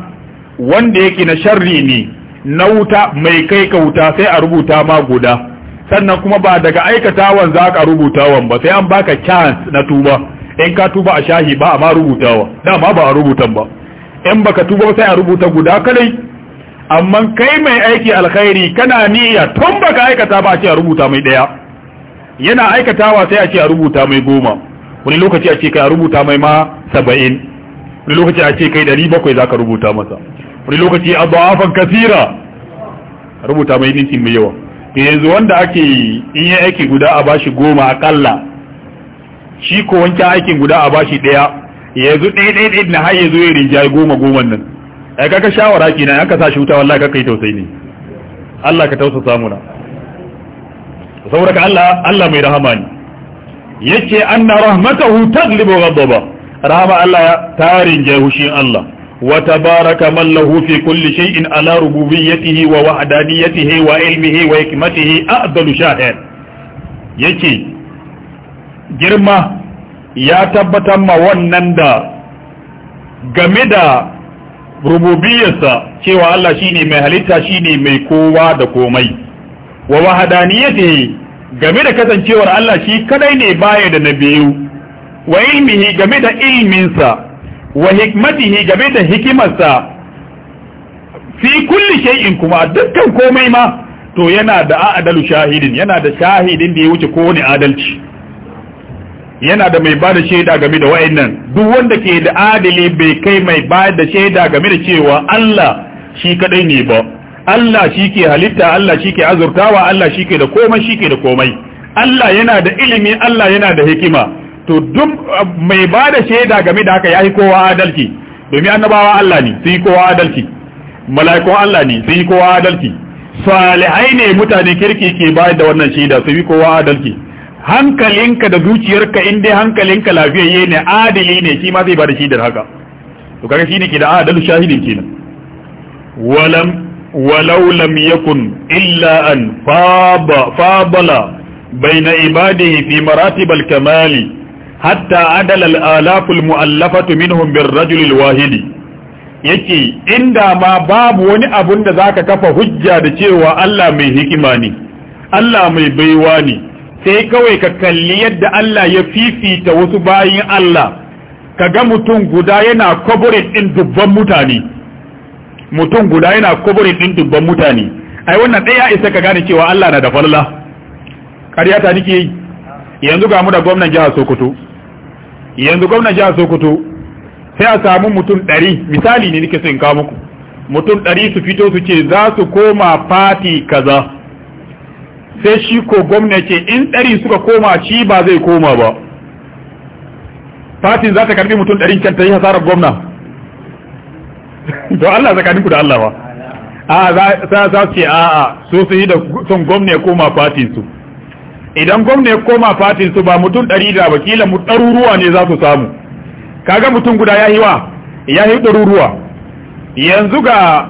wanda yake na sharri ne na wuta mai kai ka wuta sai a rubuta ma guda sannan kuma ba daga aikatawan za ka rubutawan ba sai an baka chance na tuba in ka tuba a shahi ba a ma rubutawa dama ba a rubutan ba in baka tuba sai a rubuta guda kadai amma kai mai aiki alkhairi kana niyya tun baka aikata ba a ce a rubuta mai daya yana aikatawa sai a ce a rubuta mai goma wani lokaci a ce kai a rubuta mai ma saba'in wani lokaci a ce kai dari bakwai za ka rubuta masa wani lokaci a ba'afan kasira rubuta mai ninki mai yawa yanzu wanda ake yi in yi aiki guda a bashi goma akalla shi ko wancan aikin guda a bashi daya yanzu ɗaya ɗaya ɗaya na har yanzu ya rinjaye goma goma nan ai kaka shawara kina aka sa shi wuta wallahi kaka yi tausayi ne Allah ka tausasa muna saboda ka Allah Allah mai rahama ne yace anna rahmatahu taglibu ghadaba rahama Allah ta rinje hushin Allah wa tabaraka man lahu fi kulli shay'in ala rububiyyatihi wa wahdaniyatihi wa ilmihi wa hikmatihi afdalu shahid yace girma ya tabbatar ma wannan da game da rububiyarsa cewa Allah shine mai halitta shine mai kowa da komai wa wahadaniyatihi game da kasancewar Allah shi kadai ne baya da na biyu wa ilmihi game da ilminsa wa hikmatihi game da hikimarsa fi kulli shay'in kuma dukkan komai ma to yana da adalu shahidin yana da shahidin da ya wuce kowane adalci yana da mai bada shaida game da wa'annan duk wanda ke da adali bai kai mai bada shaida game da cewa Allah shi kadai ne ba Allah shi ke halitta Allah shi ke azurtawa Allah shi ke da komai shi ke da komai Allah yana da ilimi Allah yana da hikima to duk uh, mai bada shaida game da haka yayi kowa adalci domin annabawa Allah ne sai kowa adalci mala'ikun Allah ne sai kowa adalci salihai ne mutane kirki ke bayar da wannan shaida sai kowa adalci hankalinka da zuciyarka in dai hankalinka lafiyayye ne adili ne shi ma zai bada shi da haka to kaga shine ke da adalu shahidin kenan walam walau lam yakun illa an faba fabala baina ibadihi fi maratib al-kamali hatta adala al-alaf al-mu'allafatu minhum bir-rajul al-wahidi yake inda ma babu wani abun da zaka kafa hujja da cewa Allah mai hikima ne Allah mai baiwa ne sai kawai ka kalli yadda Allah ya fifita wasu bayin Allah ka ga mutum guda yana kwaburin ɗin dubban mutane mutum guda yana kwaburin ɗin dubban mutane ai wannan ɗaya isa ka gane cewa Allah na da falla ƙarya ta nike yi yanzu ga mu da gwamnan jihar Sokoto yanzu gwamnan jihar Sokoto sai a samu mutum ɗari misali ne nike so in kawo muku mutum ɗari su fito su ce za su koma fati kaza sai shi ko gwamna ce in ɗari suka koma shi ba zai koma ba fatin za ta karbi mutum ɗarin can ta yi hasarar gwamna to Allah tsakaninku da Allah ba a za su ce a'a so su yi da son gwamna ya koma fatin su idan gwamna ya koma fatin su ba mutum ɗari da wakila mu ɗaruruwa ne za su samu kaga mutum guda ya yi wa ya yi ɗaruruwa yanzu ga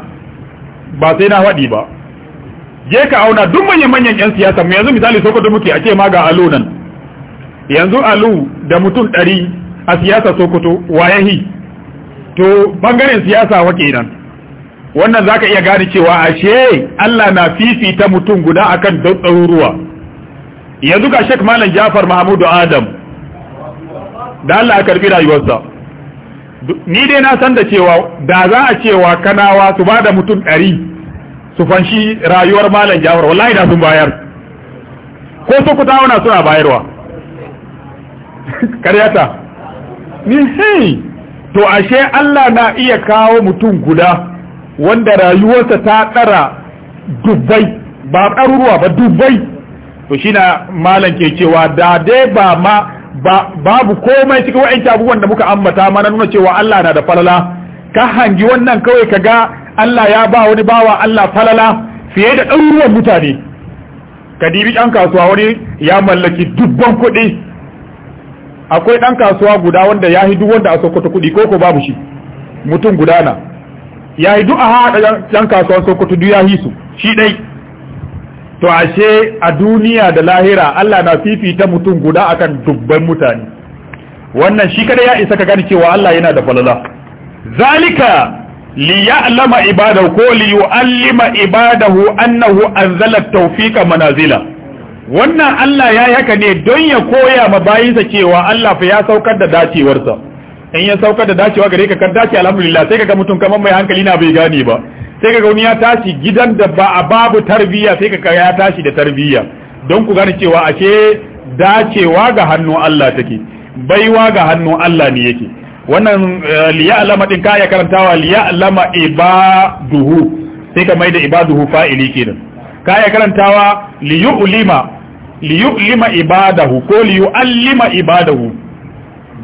ba sai na faɗi ba je ka auna duk manyan manyan yan siyasa mu yanzu misali sokoto muke a ce ma ga alu nan yanzu alu da mutum ɗari a siyasa sokoto wayahi to bangaren siyasa wake nan wannan zaka iya gane cewa ashe Allah na fifita mutum guda akan ɗaruruwa yanzu ga Sheikh Malam Jafar Mahmudu Adam da Allah a karbi rayuwarsa ni dai na san da cewa da za a cewa kanawa su ba da mutum ɗari su fanshi rayuwar malam jafar wallahi da sun bayar ko su ku tawana suna bayarwa karyata ni hey to ashe Allah na iya kawo mutum guda wanda rayuwarsa ta tsara dubbai ba ɗaruruwa ba dubbai to shi na malam ke cewa da dai ba ma babu komai cikin wa'yanci abubuwan da muka ambata mana nuna cewa Allah na da falala ka hangi wannan kawai ka ga Allah ya ba wani bawa Allah falala fiye da ɗaruruwan mutane ka ɗan kasuwa wani ya mallaki dubban kuɗi akwai ɗan kasuwa guda wanda ya hidu wanda a sokoto kuɗi ko ko babu shi mutum gudana ya hidu a haɗa ɗan kasuwan sokoto duk ya hisu shi ɗai to ashe a duniya da lahira Allah na fifita mutum guda akan dubban mutane wannan shi kada ya isa ka gani cewa Allah yana da falala zalika Liyya ibadahu ko liyu'allima ibadahu annahu anzala tawfiqa manazila wannan Allah ya yaka ne don ya koya ma bayinsa cewa Allah fa ya saukar da dacewarsa in ya saukar da dacewa gare ka kan dace alhamdulillah sai kaga mutum kaman mai hankali na bai gane ba sai kaga wani ya tashi gidan da ba a babu tarbiyya sai kaga ya tashi da tarbiyya don ku gane cewa ashe dacewa ga hannu Allah take baiwa ga hannu Allah ne yake wannan eh, liya'lama din ka ya karantawa liya'lama ibaduhu sai ka maida ibaduhu fa'ili kenan ka ya karantawa liyu'lima liyu'lima ibadahu ko liyu'allima ibadahu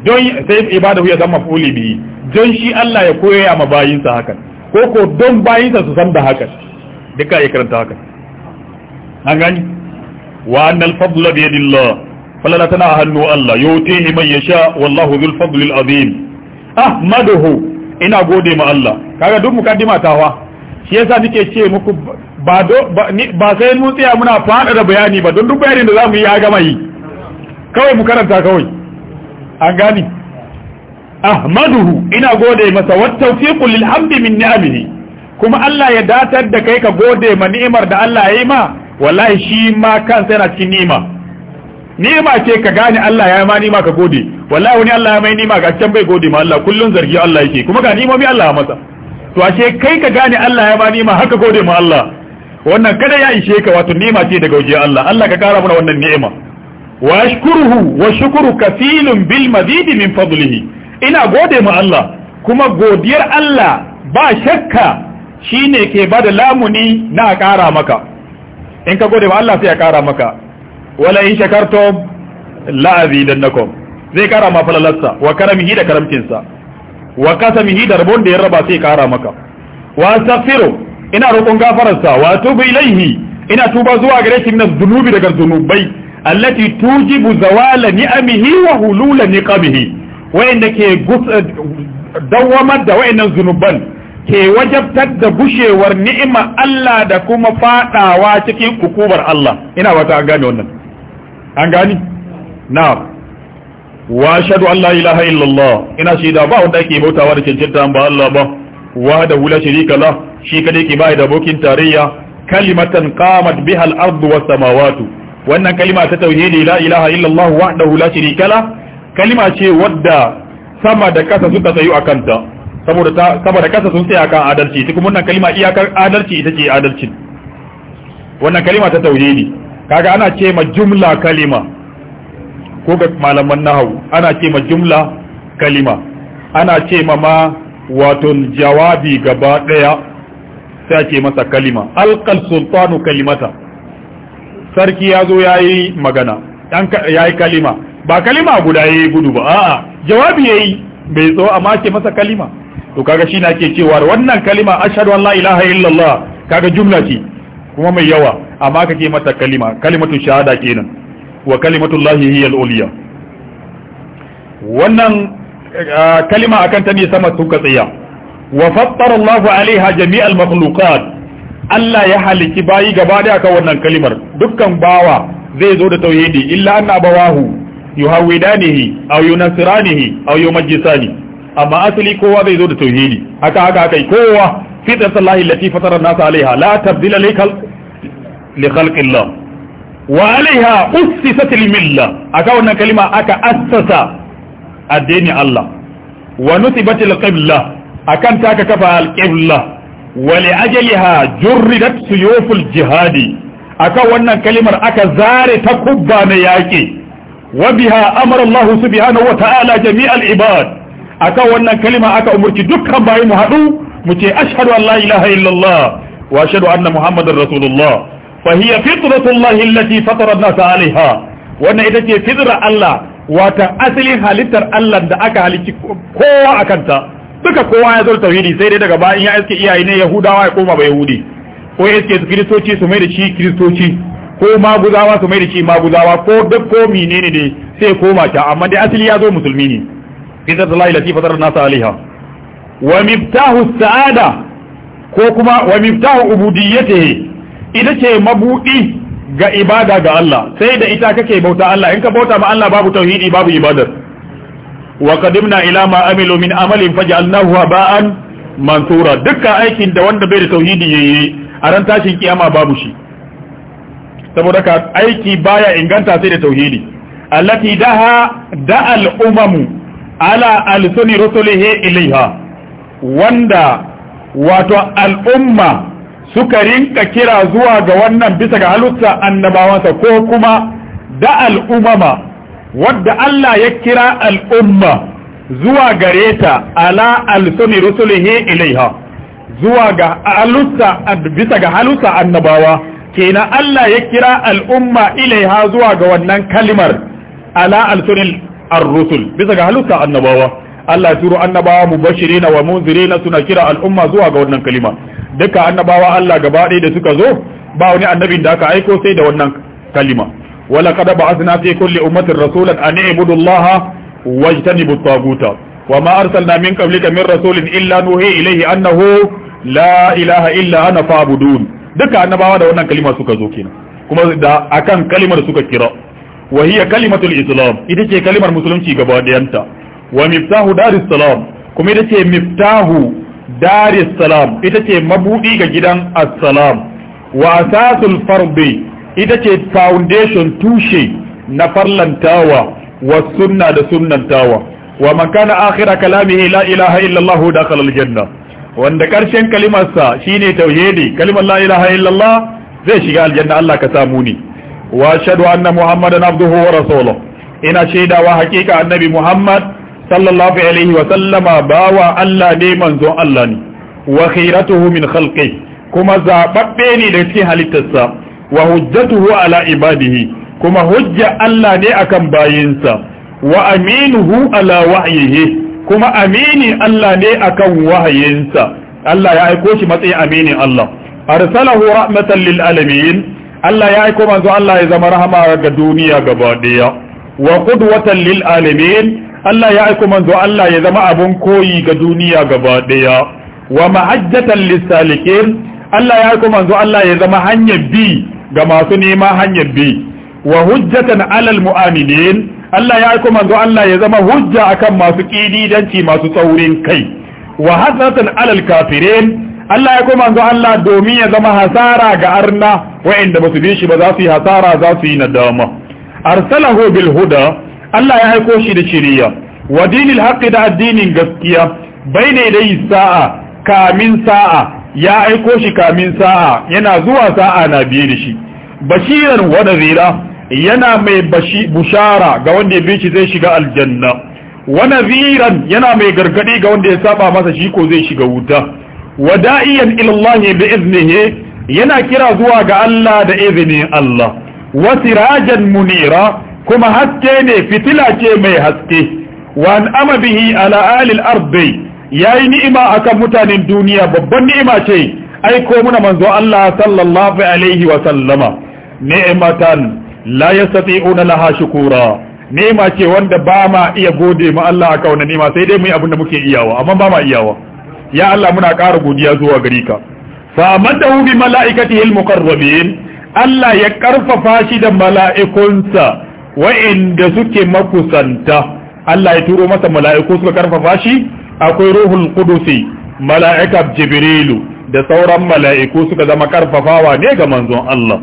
don sai ibadahu ya zama fuli bihi don shi Allah ya koya ma bayinsa hakan ko ko don bayinsa su san da hakan duka ya karanta hakan an gani wa annal fadla bi yadillah falala tana hannu Allah yutihi man yasha wallahu dhul fadli al ahmaduhu ina gode ma Allah kaga duk mukaddima wa shi yasa nake ce muku ba do ba sai mun tsaya muna fada da bayani ba don duk bayanin da zamu yi ya gama yi kawai mu karanta kawai an gani ahmaduhu ina gode masa wa tawfiqu lil hamdi min ni'amihi kuma Allah ya datar da kai ka gode ma ni'imar da Allah ya yi ma wallahi shi ma kansa yana cikin ni'ima ma ce ka gane Allah ya ma nima ka gode wallahi wani Allah ya mai nima ga can bai gode ma Allah kullun zargi Allah yake kuma ga nimomi Allah ya masa to ashe kai ka gane Allah ya ma nima haka gode ma Allah wannan kada ya ishe ka wato nima ce daga wajen Allah Allah ka kara mana wannan ni'ima wa ashkuruhu wa shukru kafilun bil mazidi min fadlihi ina gode ma Allah kuma godiyar Allah ba shakka shine ke bada lamuni na kara maka in ka gode ma Allah sai ya kara maka wala in shakartum la azidannakum zai kara ma falalarsa wa karamihi da karamcinsa wa kasamihi da rabon da ya raba sai kara maka wa astaghfiru ina roƙon gafararsa wa tubu ilaihi ina tuba zuwa gare shi min zunubi daga zunubai allati tujibu zawala ni'amihi wa hulula niqamihi wayanda ke dawamar da wayannan zunuban ke wajabtar da gushewar ni'ima Allah da kuma fadawa cikin hukumar Allah ina wata an gane wannan an gani na wa shadu allah la ilaha illallah ina shaida ba wanda ake bautawa da cancanta ba Allah ba wa da hula sharika la shi kadai ke bai da bokin tarayya kalimatan qamat biha al-ardu was samawati wannan kalima ta tauhidi la ilaha illallah wahdahu la sharika la kalima ce wadda sama da kasa suka tsayu akan ta saboda ta sama da kasa sun tsaya akan adalci kuma wannan kalima iyakar adalci ita ce adalci wannan kalima ta tauhidi kaga ana ce ma jumla kalima ko ga malaman nahawu ana ce ma jumla kalima ana ce ma ma wato jawabi gaba daya sai ce masa kalima alqal sultanu kalimata sarki yazo zo yayi magana dan yayi kalima ba kalima guda yayi gudu ba a'a jawabi yayi bai zo amma ce masa kalima to kaga shi na ke cewa wannan kalima ashhadu an la ilaha illallah kaga jumla ce kuma mai yawa amma kake mata kalima kalimatu shahada kenan wa kalimatullahi hiya al-ulya wannan eh, kalima akan ta ne sama suka tsaya wa fattara Allah alaiha jami'al makhluqat Allah ya halici bayi gaba da aka wannan kalimar dukkan bawa zai zo da tauhidi illa anna bawahu yuhawidanihi aw yunasiranihi aw yumajjisani amma asali kowa zai zo da tauhidi haka haka haka kowa fitar sallahi lati fatara nasa alaiha la tabdila li li khalqillah wa milla aka wannan kalima aka assasa addini Allah wa akan ta kafa al-qibla wa li jihadi aka wannan kalimar aka zare ta kubba na yaki wa biha amara ta'ala jami'al ibad aka wannan kalima aka dukkan mu haɗu rasulullah fa hiya fitratullahi allati fatara an-nasa wannan ita ce fitra Allah wata asalin halittar Allah da aka halicci kowa akan ta duka kowa ya zo tauhidi sai dai daga bayan ya iske iyaye ne yahudawa ya koma ba yahudi ko iske kristoci su mai da shi ko maguzawa su mai da maguzawa ko duk ko menene dai sai koma ta amma dai asali ya zo musulmi ne fitratullahi allati fatara wa sa'ada ko kuma wa ita ce mabuɗi ga ibada ga Allah sai da ita kake bauta Allah in ka bauta ma Allah babu tauhidi babu ibadar wa qadimna ila ma amilu min amalin faj'alnahu haba'an mansura dukkan aikin da wanda bai da tauhidi yayi a tashin kiyama babu shi saboda ka aiki baya inganta sai da tauhidi allati daha da umam ala al-sunni rusulihi ilaiha wanda wato al'umma suka rinka kira zuwa ga wannan bisa ga halitta annabawansa ko kuma da al'umama wadda Allah ya kira al'umma zuwa gare ta ala al-suni alsuni rusulihi ilaiha zuwa ga halitta bisa ga halitta annabawa kenan Allah ya kira al'umma ilaiha zuwa ga wannan kalimar ala al alsuni ar-rusul bisa ga halitta annabawa Allah ya turo annabawa mubashirina wa munzirina suna kira al'umma zuwa ga wannan kalimar. duka annabawa Allah gaba ɗaya da suka zo ba wani annabin da aka aiko sai da wannan kalima wala qad ba'athna fi kulli ummatin rasulan an i'budu Allah wajtanibu at Wa wama arsalna min qablika min rasulin illa nuhi ilayhi annahu la ilaha illa ana fa'budun duka annabawa da wannan kalima suka zo kenan kuma da akan kalimar suka kira wa hiya kalimatul islam ita ce kalimar musulunci gaba dayanta wa miftahu daris salam kuma ita ce miftahu daris salam ita ce mabuɗi ga gidan assalam wa asasul fardi ita ce foundation tushe na farlantawa wa sunna da sunnantawa wa man kana akhira kalamihi la ilaha illa allah dakhala janna wanda karshen kalimarsa shine tauhidi kalimar la ilaha illa allah zai shiga aljanna Allah ka samu ni wa ashhadu anna muhammadan abduhu wa rasuluhu ina shaidawa hakika annabi muhammad sallallahu alaihi wa sallama bawa Allah ne manzon Allah ne wa khiratuhu min khalqi kuma zababbe ne da cikin halittarsa wa hujjatuhu ala ibadihi kuma hujja Allah ne akan bayinsa wa aminuhu ala wahyihi kuma amini Allah ne akan wahayinsa Allah ya aiko shi matsayin aminin Allah arsalahu rahmatan lil alamin Allah ya aiko manzo Allah ya zama rahama ga duniya gaba daya wa qudwatan lil alamin Allah ya aiko manzo Allah ya zama abun koyi ga duniya gaba daya wa mahajjatan lisalikin Allah ya aiko manzo Allah ya zama hanyar bi ga masu nema hanyar bi wa hujjatan alal mu'amilin Allah ya aiko manzo Allah ya zama hujja akan masu kididanci masu saurin kai wa hasratan alal kafirin Allah ya koma manzo Allah domin ya zama hasara ga arna wa'inda ba su bi shi ba za su yi hasara za su yi nadama arsalahu bil huda Allah ya aiko shi da shiriya wa dinil haqqi da addinin gaskiya baina dai sa'a kamin sa'a ya aiko shi kamin sa'a yana zuwa sa'a na biye da shi bashiran wa nadhira yana mai bushara ga wanda ya bi shi zai shiga aljanna wa nadhiran yana mai gargadi ga wanda ya saba masa shi ko zai shiga wuta wa da'iyan ila Allah bi iznihi yana kira zuwa ga Allah da izinin Allah wa sirajan munira kuma haske ne fitila ce mai haske wa an'ama bihi ala alil ardi yayi ni'ima akan mutanen duniya babban ni'ima ce aiko muna manzo Allah sallallahu alaihi wa sallama ni'matan la yastati'una laha shukura ni'ima ce wanda ba ma iya gode ma Allah akan wannan ni'ima sai dai mu yi abin da muke iyawa amma ba ma iyawa ya Allah muna ƙara godiya zuwa gare ka fa madahu bi mala'ikatihi al-muqarrabin Allah ya karfafa shi da mala'ikunsa wa'inda suke makusanta Allah ya turo masa mala'iku suka karfafa shi akwai ruhul qudusi mala'ika jibrilu da sauran mala'iku suka zama karfafawa ne ga manzon Allah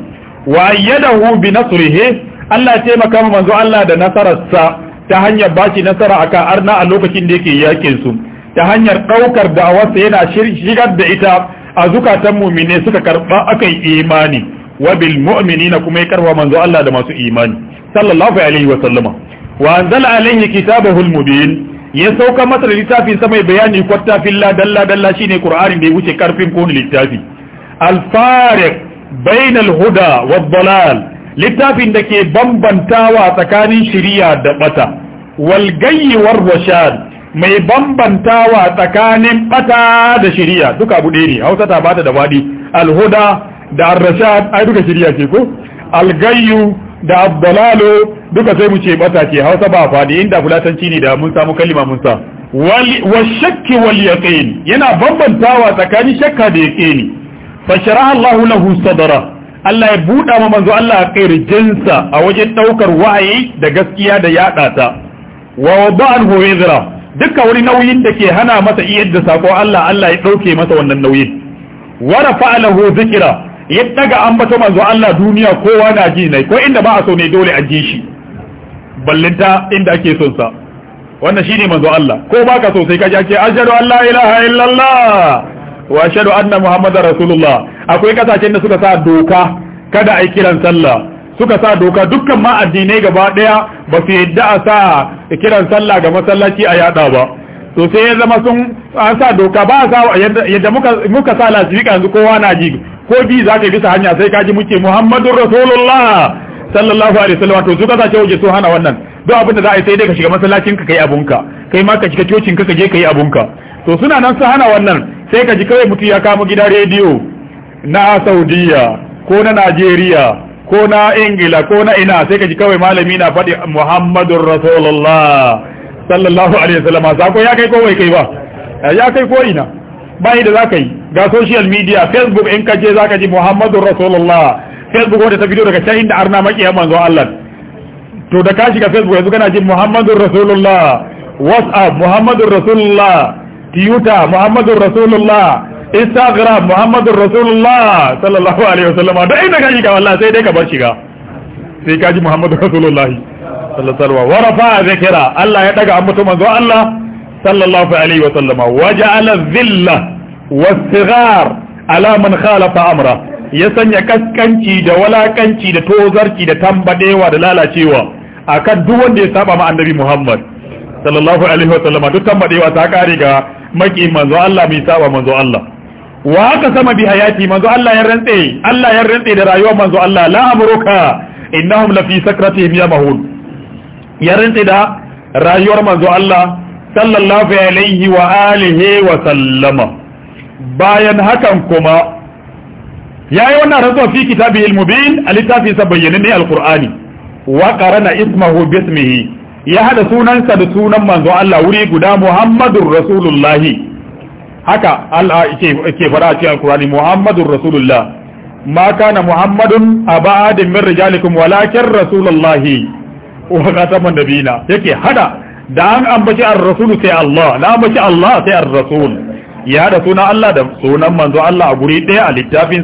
wa ayyadahu bi nasrihi Allah ya taimaka ma manzon Allah da nasararsa ta hanyar bashi nasara akan arna a lokacin da yake yakin su ta hanyar daukar da'awarsa yana shigar da ita a zukatan mu'mine suka karba akan imani wa bil mu'minina kuma ya karba manzo Allah da masu imani sallallahu alaihi wa sallama wa anzala alaihi kitabahu al-mubin ya sauka masa da littafin sa mai bayani kwatta filla dalla dalla shine qur'anin da ya wuce karfin ko littafi al-fariq bayna al-huda wa littafin da ke bambantawa tsakanin shiriya da bata wal gayyi war rashad mai bambantawa tsakanin bata da shiriya duka abu ne hausa ta bata da wadi al-huda da ar-rashad ai duka shiriya ce ko al-gayyu da abdalalo duka sai mu ce bata ce hausa ba fadi inda fulatanci ne da mun samu kalima mun sa wa shakki wal yaqin yana bambantawa tsakanin shakka da yaqini fa sharaha Allahu lahu sadra Allah ya buɗa ma manzo Allah kirjinsa a wajen daukar wa'ayi da gaskiya da yada ta wa wada'ahu wizra duka wani nauyin da ke hana masa iyar da sako Allah Allah ya dauke masa wannan nauyin wa rafa'alahu dhikra ya daga ambato manzo Allah duniya kowa na ji ne ko inda ba a so ne dole a ji shi ballinta inda ake son sa wannan shine manzo Allah ko baka so sai ka ji ake ashhadu an la ilaha illallah wa ashhadu anna muhammadar rasulullah akwai kasashen da suka sa doka kada a yi kiran sallah suka sa doka dukkan ma addinai gaba daya ba su yadda a sa kiran sallah ga masallaci a yada ba to sai ya zama sun an sa doka ba a sa yadda muka muka sa lasifika yanzu kowa na ji ko bi za ka bisa hanya sai ka ji muke muhammadun rasulullah sallallahu alaihi wasallam to su ta waje so hana wannan duk abin da za a yi sai dai ka shiga masallacin ka kai abunka kai ma ka shiga cocin ka ka je ka yi abunka to suna nan su hana wannan sai ka ji kawai mutum ya kama gidan rediyo na saudiya ko na najeriya ko na ingila ko na ina sai ka ji kawai malami na faɗi muhammadun rasulullah sallallahu alaihi wasallam sako ya kai ko wai kai ba ya kai ko ina bai da za ka yi ga social media facebook in ka je ka ji muhammadu rasulullah facebook wanda ta fito daga can inda arna makiya manzo Allah to da ka shiga facebook yanzu kana ji muhammadu rasulullah whatsapp muhammadu rasulullah twitter muhammadu rasulullah instagram muhammadu rasulullah sallallahu alaihi wasallam da inda ka shiga wallahi sai dai ka bar shiga sai ka ji muhammadu rasulullah sallallahu alaihi wa rafa zikira Allah ya daga ambato manzo Allah sallallahu alaihi wasallama waja'ala dhillah wasigar ala khalafa amra ya sanya kaskanci da walakanci da tozarci da tambadewa da lalacewa akan duk wanda ya saba ma annabi Muhammad sallallahu alaihi wa sallama duk tambadewa ta kare ga maki manzo Allah mai saba manzo Allah wa aka sama bi hayati manzo Allah ya rantse Allah ya rantse da rayuwar manzo Allah la amruka innahum la fi sakratihim yamahun ya rantse da rayuwar manzo Allah sallallahu alaihi wa alihi wa sallama bayan hakan kuma yayi wannan rantsuwa fi kitabi al a alittafi sa bayyana ne al-qur'ani wa qarana ismahu bismihi ya hada sunansa da sunan manzo Allah wuri guda Muhammadur Rasulullahi haka Allah yake fara a cikin al-qur'ani Muhammadur Rasulullah ma kana Muhammadun aba min rijalikum walakin Rasulullahi wa khataman nabiyina yake hada da an ambaci ar-rasul sai Allah na ambaci Allah sai ar-rasul ya hada sunan Allah da sunan manzo Allah a guri ɗaya a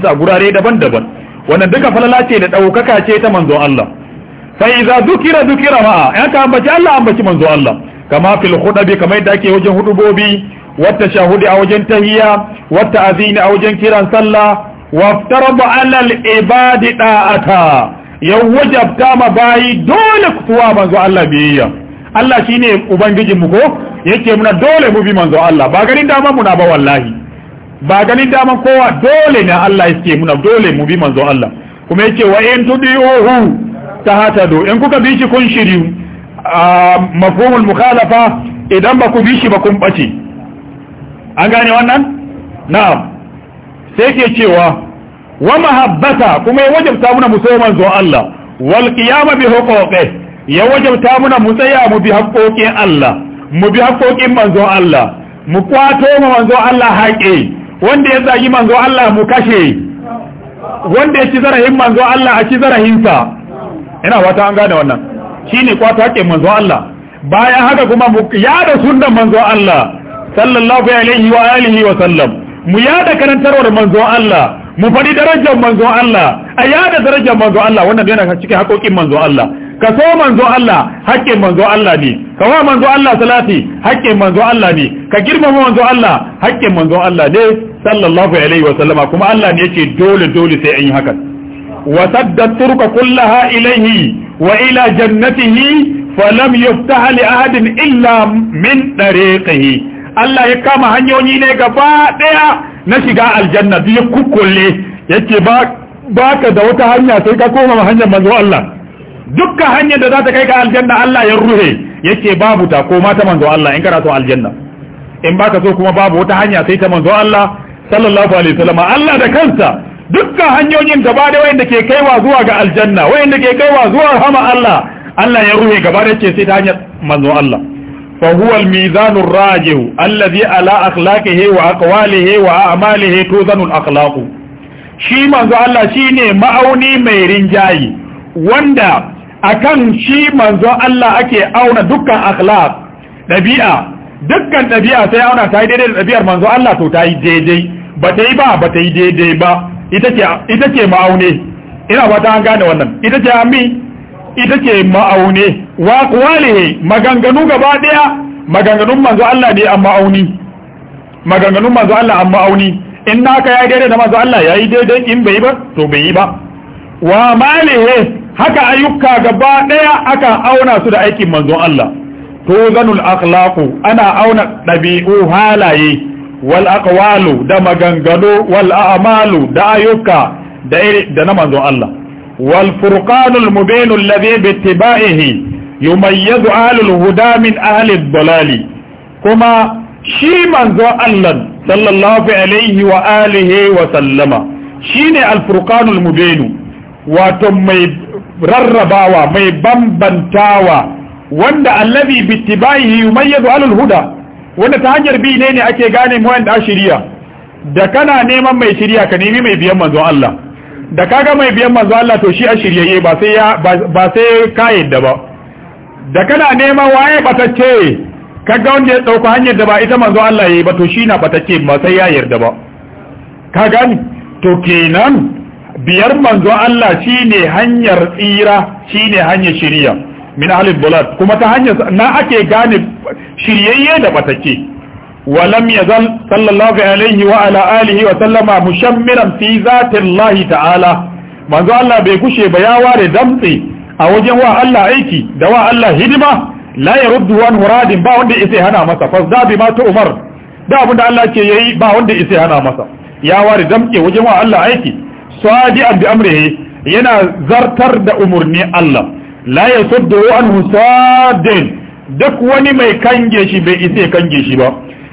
sa a gurare daban-daban wannan duka falala ce da ɗaukaka ce ta manzo Allah sai idza dukira dukira ma'a ya ka ambaci Allah ambaci manzo Allah kama fil khudabi kamar yadda ake wajen hudubobi wata shahudi a wajen tahiyya wata azini a wajen kiran sallah waftarada ala al ibadi da'ata ya wajabta ma bayi dole kuwa manzo Allah biyayya Allah shine ubangijin mu ko yake muna dole mu bi manzo Allah ba ganin dama muna ba wallahi ba ganin dama kowa dole ne Allah yake muna dole mu bi manzo Allah kuma yake wa in hata do, in kuka bi shi kun shiri mafhumul mukhalafa idan ba ku bi shi ba kun bace an gane wannan na'am sai ke cewa wa mahabbata kuma ya wajabta muna musoman manzo Allah wal qiyama bi huquqihi ya wajabta muna mu tsaya mu bi haƙoƙin Allah mu bi haƙoƙin manzon Allah mu kwato ma manzon Allah haƙe wanda ya zagi manzon Allah mu kashe wanda ya ci zarahin manzon Allah a ci zarahinsa ina wata an gane wannan shine kwato haƙe manzon Allah bayan haka kuma mu yada sunnan manzon Allah sallallahu alaihi wa alihi wa sallam mu yada karantarwar manzon Allah mu faɗi darajar manzon Allah a yada darajar manzon Allah wannan yana cikin haƙoƙin manzon Allah ka so manzo Allah haƙƙin manzo Allah ne ka wa manzo Allah salati haƙƙin manzo Allah ne ka girmama manzo Allah haƙƙin manzo Allah ne sallallahu alaihi wa sallama kuma Allah ne yace dole dole sai an yi haka wa saddat turka kullaha ilaihi wa ila jannatihi falam yuftaha li ahadin illa min tariqihi Allah ya kama hanyoyi ne gaba daya na shiga aljanna duk ya kukkulle yake ba baka da wata hanya sai ka koma hanyar manzo Allah dukkan hanyar da za ta kai ka aljanna Allah ya ruhe yake babu ta ko mata manzo Allah in kana so aljanna in baka so kuma babu wata hanya sai ta manzo Allah sallallahu alaihi wasallam Allah da kansa dukkan hanyoyin gaba da wayanda ke kaiwa zuwa ga aljanna wayanda ke kaiwa zuwa rahama Allah Allah ya ruhe gaba da ce sai ta hanyar manzo Allah fa huwa al-mizan ar-rajih alladhi ala akhlaqihi wa aqwalihi wa a'malihi tuzanu al-akhlaq shi manzo Allah shine ma'auni mai rinjayi wanda akan shi manzo Allah ake auna dukkan akhlaq dabi'a dukkan dabi'a sai auna ta yi daidai da dabi'ar manzo Allah to ta yi daidai ba ta yi ba ba ta yi daidai ba ita ce ita ce ma'aune ina ba ta an gane wannan ita ce ami ita ce ma'aune wa qawlihi maganganu gaba daya maganganun manzo Allah ne amma auni maganganun manzo Allah amma auni in naka ya daidai da manzo Allah yayi daidai in bai ba to bai yi ba wa malihi haka ayyuka gaba daya aka auna su da aikin manzon Allah to zanul akhlaqu ana auna dabi'u halaye wal aqwalu da maganganu wal a'malu da ayyuka da da na manzon Allah wal furqanul mubin alladhi bi ittiba'ihi yumayyizu ahlul huda min ahli ad-dalali kuma shi manzon Allah sallallahu alaihi wa alihi wa sallama shine al furqanul wato mai rarrabawa mai bambantawa wanda allazi bittibahi yumayyizu alal huda wanda ta hanyar bi ne ne ake gane mu wanda shiriya da kana neman mai shiriya ka nemi mai biyan manzon Allah da kaga mai biyan manzon Allah to shi a shiryaye ba sai ya ba sai ka da ba da kana neman waye batacce kaga wanda ya dauka hanyar da ba ita manzon Allah yayi ba to shi na batacce ba sai ya yarda ba ka ni to kenan biyar manzo Allah shine hanyar tsira shine hanyar shiriya min ahli bulat kuma ta hanyar na ake gane shiryayye da batake walam yazal sallallahu alaihi wa alihi wa sallama mushammiran fi zatillahi ta'ala manzo Allah bai kushe ba ya ware damtsi a wajen wa Allah aiki da wa Allah hidima la yaruddu an muradin ba wanda yace hana masa fa zabi ma ta umar da abinda Allah ke yayi ba wanda yace hana masa ya ware damke wajen wa Allah aiki sadi bi amrihi yana zartar da umarni Allah la yasuddu anhu sadin duk wani mai kange shi bai isa kange shi ba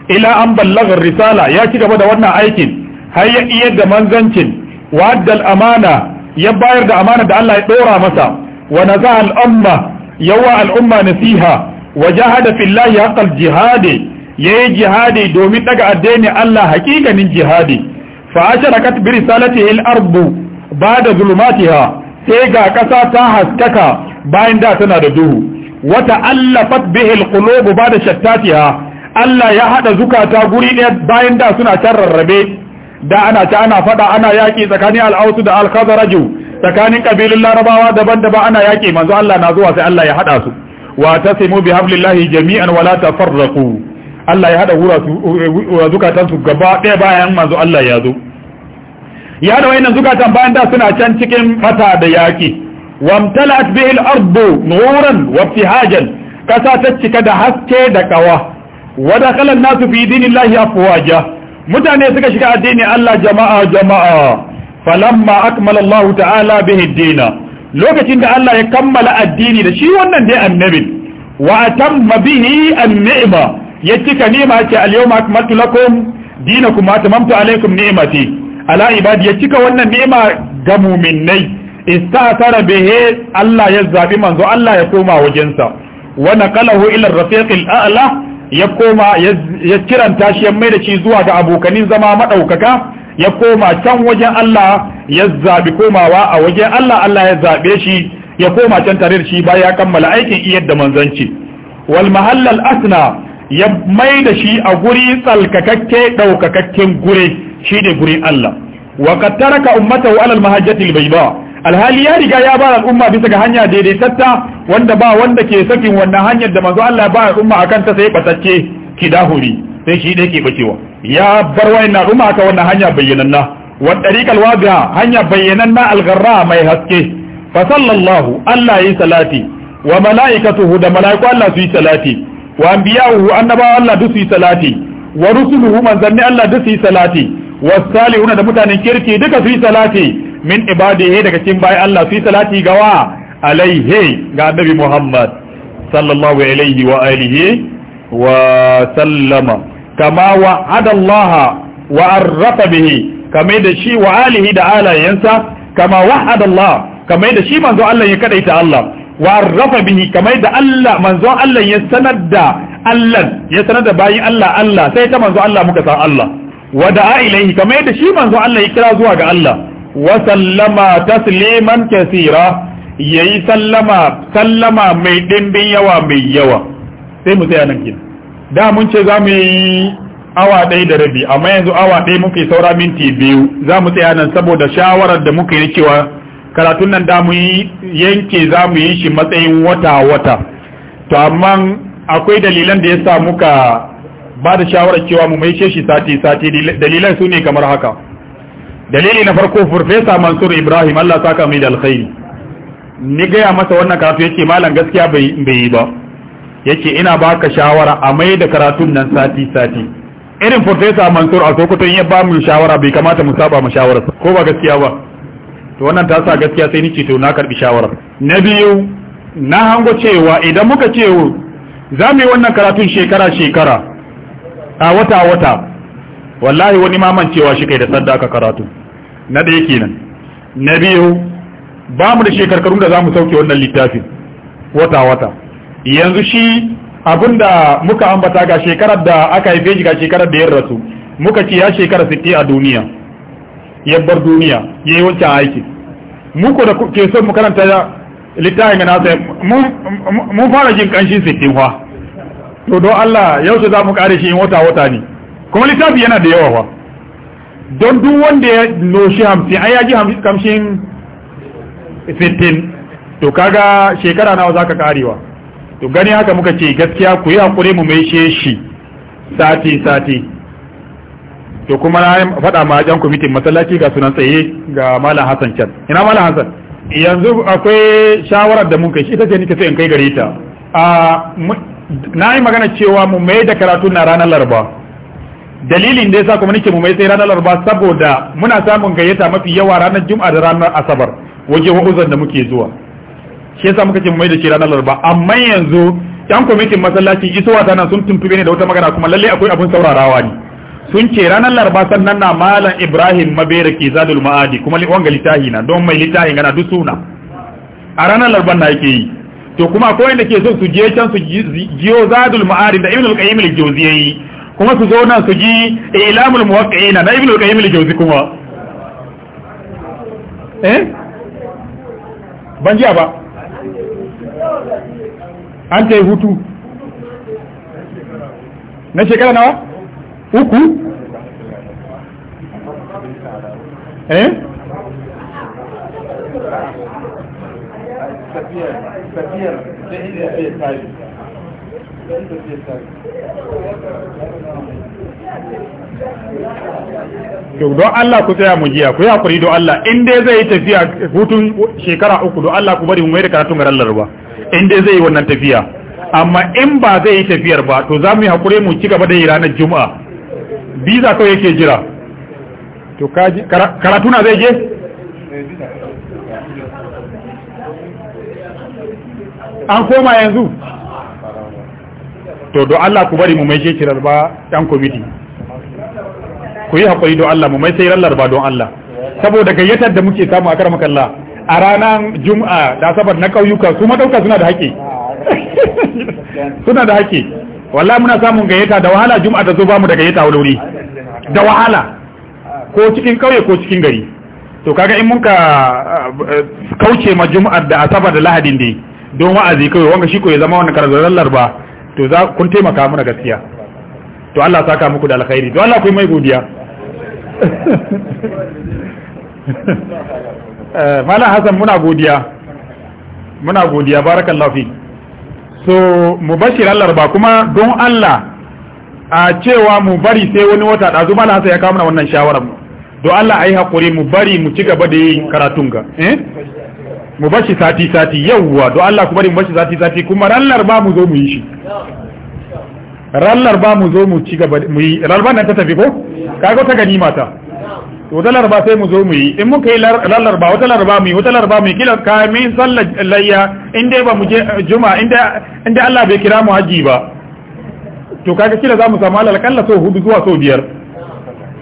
ila an ballaga risala ya ci gaba da wannan aikin har ya iya da manzancin waddal amana ya bayar da amana da Allah ya dora masa wa naza al'umma yawa al'umma nasiha wa jahada fillahi haqqal jihadi yayi jihadi domin daga addini Allah hakikanin jihadi ba fa biri bi risalatihi arbu ba da zulumatiha sai ga kasa ta haskaka bayan da tana da duhu wa ta'allafat bihi al-qulub ba'da shattatiha Allah ya hada zukata guri ɗaya da suna can rarrabe da ana ta ana yaki tsakanin al da al-khazraju tsakanin kabilun larabawa daban-daban ana yaki manzo Allah na zuwa sai Allah ya hada su wa tasimu bi jami'an wa la tafarraqu Allah ya hada wura su zukatan su gaba ɗaya bayan manzo Allah ya zo ya da wayannan zukatan bayan da suna can cikin fata da yaki wamtalat bihi al-ardu nuran wa ibtihajan kasa ta cika da haske da kawa wa dakhala an-nasu fi dinillahi afwaja mutane suka shiga addini Allah jama'a jama'a falamma akmala Allah ta'ala bihi dina lokacin da Allah ya kammala addini da shi wannan dai annabi wa atamma bihi an-ni'ma ya cika ni'ma ce al-yawma akmaltu lakum dinakum wa atamamtu alaykum ni'mati ala ibadi ya cika wannan ni'ima ga muminnai istatara bihi Allah ya zabi manzo Allah ya koma wajensa wa naqalahu ila ar-rafiq al-a'la ya koma ya kiranta shi ya mai da shi zuwa ga abokanin zama madaukaka ya koma can wajen Allah ya zabi komawa a wajen Allah Allah ya zabe shi ya koma can tare da shi bayan ya kammala aikin iya da manzanci wal mahallal asna ya mai da shi a guri tsalkakakke daukakakken gure shine gurin Allah wa qad taraka ummatahu ala al-mahajjati al-bayda alhali ya riga ya bar al'umma bisa ga hanya daidaitatta wanda ba wanda ke sakin wannan hanyar da manzo Allah ba umma akan ta sai batacce kidahuri sai shi dai ke bacewa ya bar wayannan al'umma akan wannan hanya bayyananna wa tariqal wadi'a hanya bayyananna al-gharra mai haske fa sallallahu Allah yi salati wa mala'ikatuhu da mala'iku Allah su yi salati wa anbiya'uhu annabawa Allah duk su yi salati wa rusuluhu manzanni Allah duk su yi salati wasalihuna da mutanen kirki duka fi salati min ibadihi daga cikin bayan Allah fi salati gawa alaihi ga annabi Muhammad sallallahu alaihi wa alihi wa sallama kama wa'ada Allah wa arrafa bihi kama da shi wa alihi da alayensa kama wa'ada Allah kama da shi manzo Allah ya kadaita Allah wa arrafa bihi kama da Allah manzo Allah ya sanar da Allah ya sanar da bayin Allah Allah sai ta manzo Allah muka san Allah wada a ilaihi kamar yadda shi manzo Allah ya kira zuwa ga Allah wa sallama tasliman kaseera yayi sallama sallama mai dimbin yawa mai yawa sai mu tsaya nan kina da mun ce za mu yi awa ɗaya da rabi amma yanzu awa ɗaya muke saura minti biyu za mu tsaya nan saboda shawarar da muka yi cewa karatun nan da mu yi yanke za mu yi shi matsayin wata wata to amma akwai dalilan da ya sa muka ba da shawarar cewa mu maishe shi sati sati dalilan su ne kamar haka dalili na farko furfesa mansur ibrahim allah saka mai da alkhairi ni gaya masa wannan karatu ce malam gaskiya bai yi ba ce ina baka shawara a mai da karatun nan sati sati irin furfesa mansur a sokoton ya ba mu shawara bai kamata mu saba mu shawara ko ba gaskiya ba to wannan ta sa gaskiya sai ni ce to na karbi shawara na biyu na hango cewa idan muka ce za mu yi wannan karatun shekara shekara a wata wata wallahi wani cewa shi kai da sadda aka karatu na ɗaya nan. na biyu ba mu da shekarkaru da za mu sauke wannan littafin wata wata yanzu shi abinda muka ambata ga shekarar da aka haife shi ga shekarar da ya rasu muka ce ya shekara 60 a duniya ya bar duniya ya yi wancan aiki muku da ke son mu karanta littafin na sai mun fara jin kanshin 60 fa to don Allah yaushe za mu kare shi in wata wata ne kuma littafi yana da yawa don duk wanda ya noshi hamsin ai ya ji kamshin sittin to kaga shekara nawa ka karewa to gani haka muka ce gaskiya ku yi hakuri mu mai shi sati sati to kuma na faɗa ma ajan kwamitin masallaci ga sunan tsaye ga malam hassan can ina malam hassan yanzu akwai shawarar da mun kai shi ita ce nake sai in kai gare ta na yi magana cewa mu mai da karatu na ranar laraba dalilin da ya sa kuma nake mu mai sai ranar laraba saboda muna samun gayyata mafi yawa ranar juma'a da ranar asabar waje wa'uzan da muke zuwa shi yasa muka ce mu mai da shi ranar laraba amma yanzu yan kwamitin masallaci isowa tana sun tuntube ne da wata magana kuma lalle akwai abun saurarawa ne sun ce ranar laraba sannan na malam ibrahim mabera ke zadul ma'adi kuma wanga litahi na don mai litahi gana dusuna a ranar larban na yake yi to kuma akwai wanda ke so su je can su jiyo zadul ma'arif da ibnul qayyim al-jawziyyi kuma su zo nan su ji ilamul muwaqqi'in na ibnul qayyim al-jawzi kuma eh ban jiya ba an tai hutu na shekara nawa uku eh tafiyar da inda ya fiye don Allah ku tsaya mu jiya ku yi hakuri don Allah in dai zai tafiya hutun shekara uku don Allah ku bari mu mai da karatun garin Laraba in dai zai yi wannan tafiya amma in ba zai yi tafiyar ba to za mu yi hakuri mu cigaba da yi ranar Juma'a biza kawai yake jira to karatuna zai je eh, an koma yanzu to do Allah ku bari mu mai kirar ba ɗan komiti ku yi haƙuri don Allah mu mai sai rallar ba don Allah saboda gayyatar da muke samu a makalla a ranar juma'a da asabar na ƙauyuka su maɗauka suna da haƙƙi suna da haƙƙi walla muna samun gayyata da wahala juma'a da zo ba mu da gayyata wuri da wahala ko cikin ƙauye ko cikin gari to kaga in mun ka eh, kauce ma juma'ar da asabar da lahadin dai don wa'azi kawai wanga shi ko ya zama wannan karzarallar ba to za kun taimaka mana gaskiya to Allah saka muku da alkhairi to Allah ku mai godiya eh, Malam Hassan muna godiya muna godiya barakallahu fi so mubashir Allah ba kuma don Allah a cewa mu bari sai wani wata zuwa Malam Hassan ya kawo mana wannan shawara mu don Allah ayi hakuri mu bari mu ci gaba da yin karatun ga eh mu bashi sati sati yawwa don Allah ku bari mu bashi sati sati kuma rallar ba mu zo mu yi shi rallar ba mu zo mu ci gaba mu yi rallar nan ta tafi ko kaga ta gani mata wata larba sai mu zo mu yi in muka yi ba wata larba mu yi wata larba mu yi kila kamin sallar layya in dai ba mu je eh, juma in dai Allah bai kira mu haji ba to kaga kila za mu samu alal kalla so hudu zuwa so biyar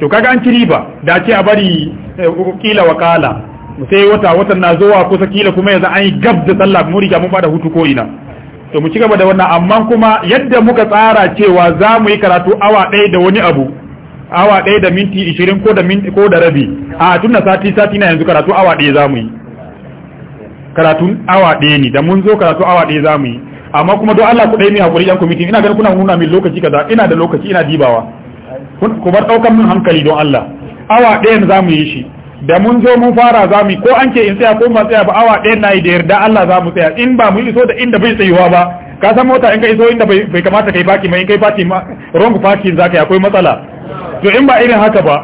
to kaga an ci riba da ce a bari eh, kila wakala sai wata watan na zuwa kusa kila kuma yanzu an yi gab da sallah mu riga mun bada hutu ko ina to mu ci gaba da wannan amma kuma yadda muka tsara cewa za mu yi karatu awa ɗaya da wani abu awa ɗaya da minti ishirin ko da minti ko da rabi a tun na sati sati na yanzu karatu awa ɗaya za mu yi karatun awa ɗaya ne da mun zo karatu awa ɗaya za mu yi amma kuma don Allah ku ɗaya mai hakuri yan kwamitin ina ganin kuna nuna min lokaci kaza ina da lokaci ina dibawa ku bar ɗaukar min hankali don Allah awa ɗayan za mu yi shi da mun zo mun fara za mu ko an ce in tsaya ko ba tsaya ba awa ɗaya na yi da yarda Allah za mu tsaya in ba mu iso da inda bai tsayuwa ba ka san mota in ka iso inda bai kamata kai baki mai in kai baki ma wrong parking za ka yi akwai matsala to in ba irin haka ba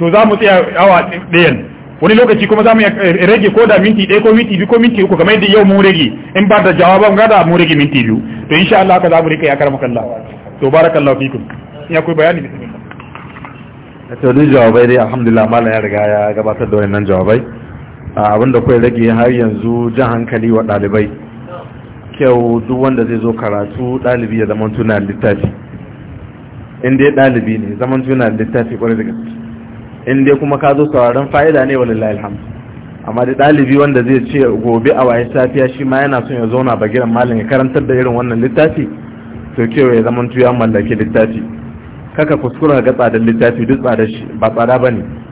to za mu tsaya awa ɗaya wani lokaci kuma za mu eh, rage ko da minti ɗaya ko minti biyu ko minti uku kamar yadda yau mu rage in ba da jawaban gada mu rage minti biyu to insha Allah haka za mu rika ya karamakallah to barakallahu fikum ya kai bayani bismillah a eh, to jawabai dai alhamdulillah malam ya riga ya gabatar da wayannan jawabai ah, abinda kawai rage har yanzu jan hankali wa ɗalibai kyau duk wanda zai zo karatu dalibi ya zama tuna littafi in dai dalibi ne zaman tuna littafi kwarai da gaske in dai kuma ka zo sauraron fa'ida ne wa lillahi alhamdu amma da dalibi wanda zai ce gobe a waye safiya shi ma yana son ya zauna bagiran malam ya karantar da irin wannan littafi to kyau ya zaman tuya mallake littafi kaka kuskura ga tsadar littafi duk tsadar shi ba tsada ba ne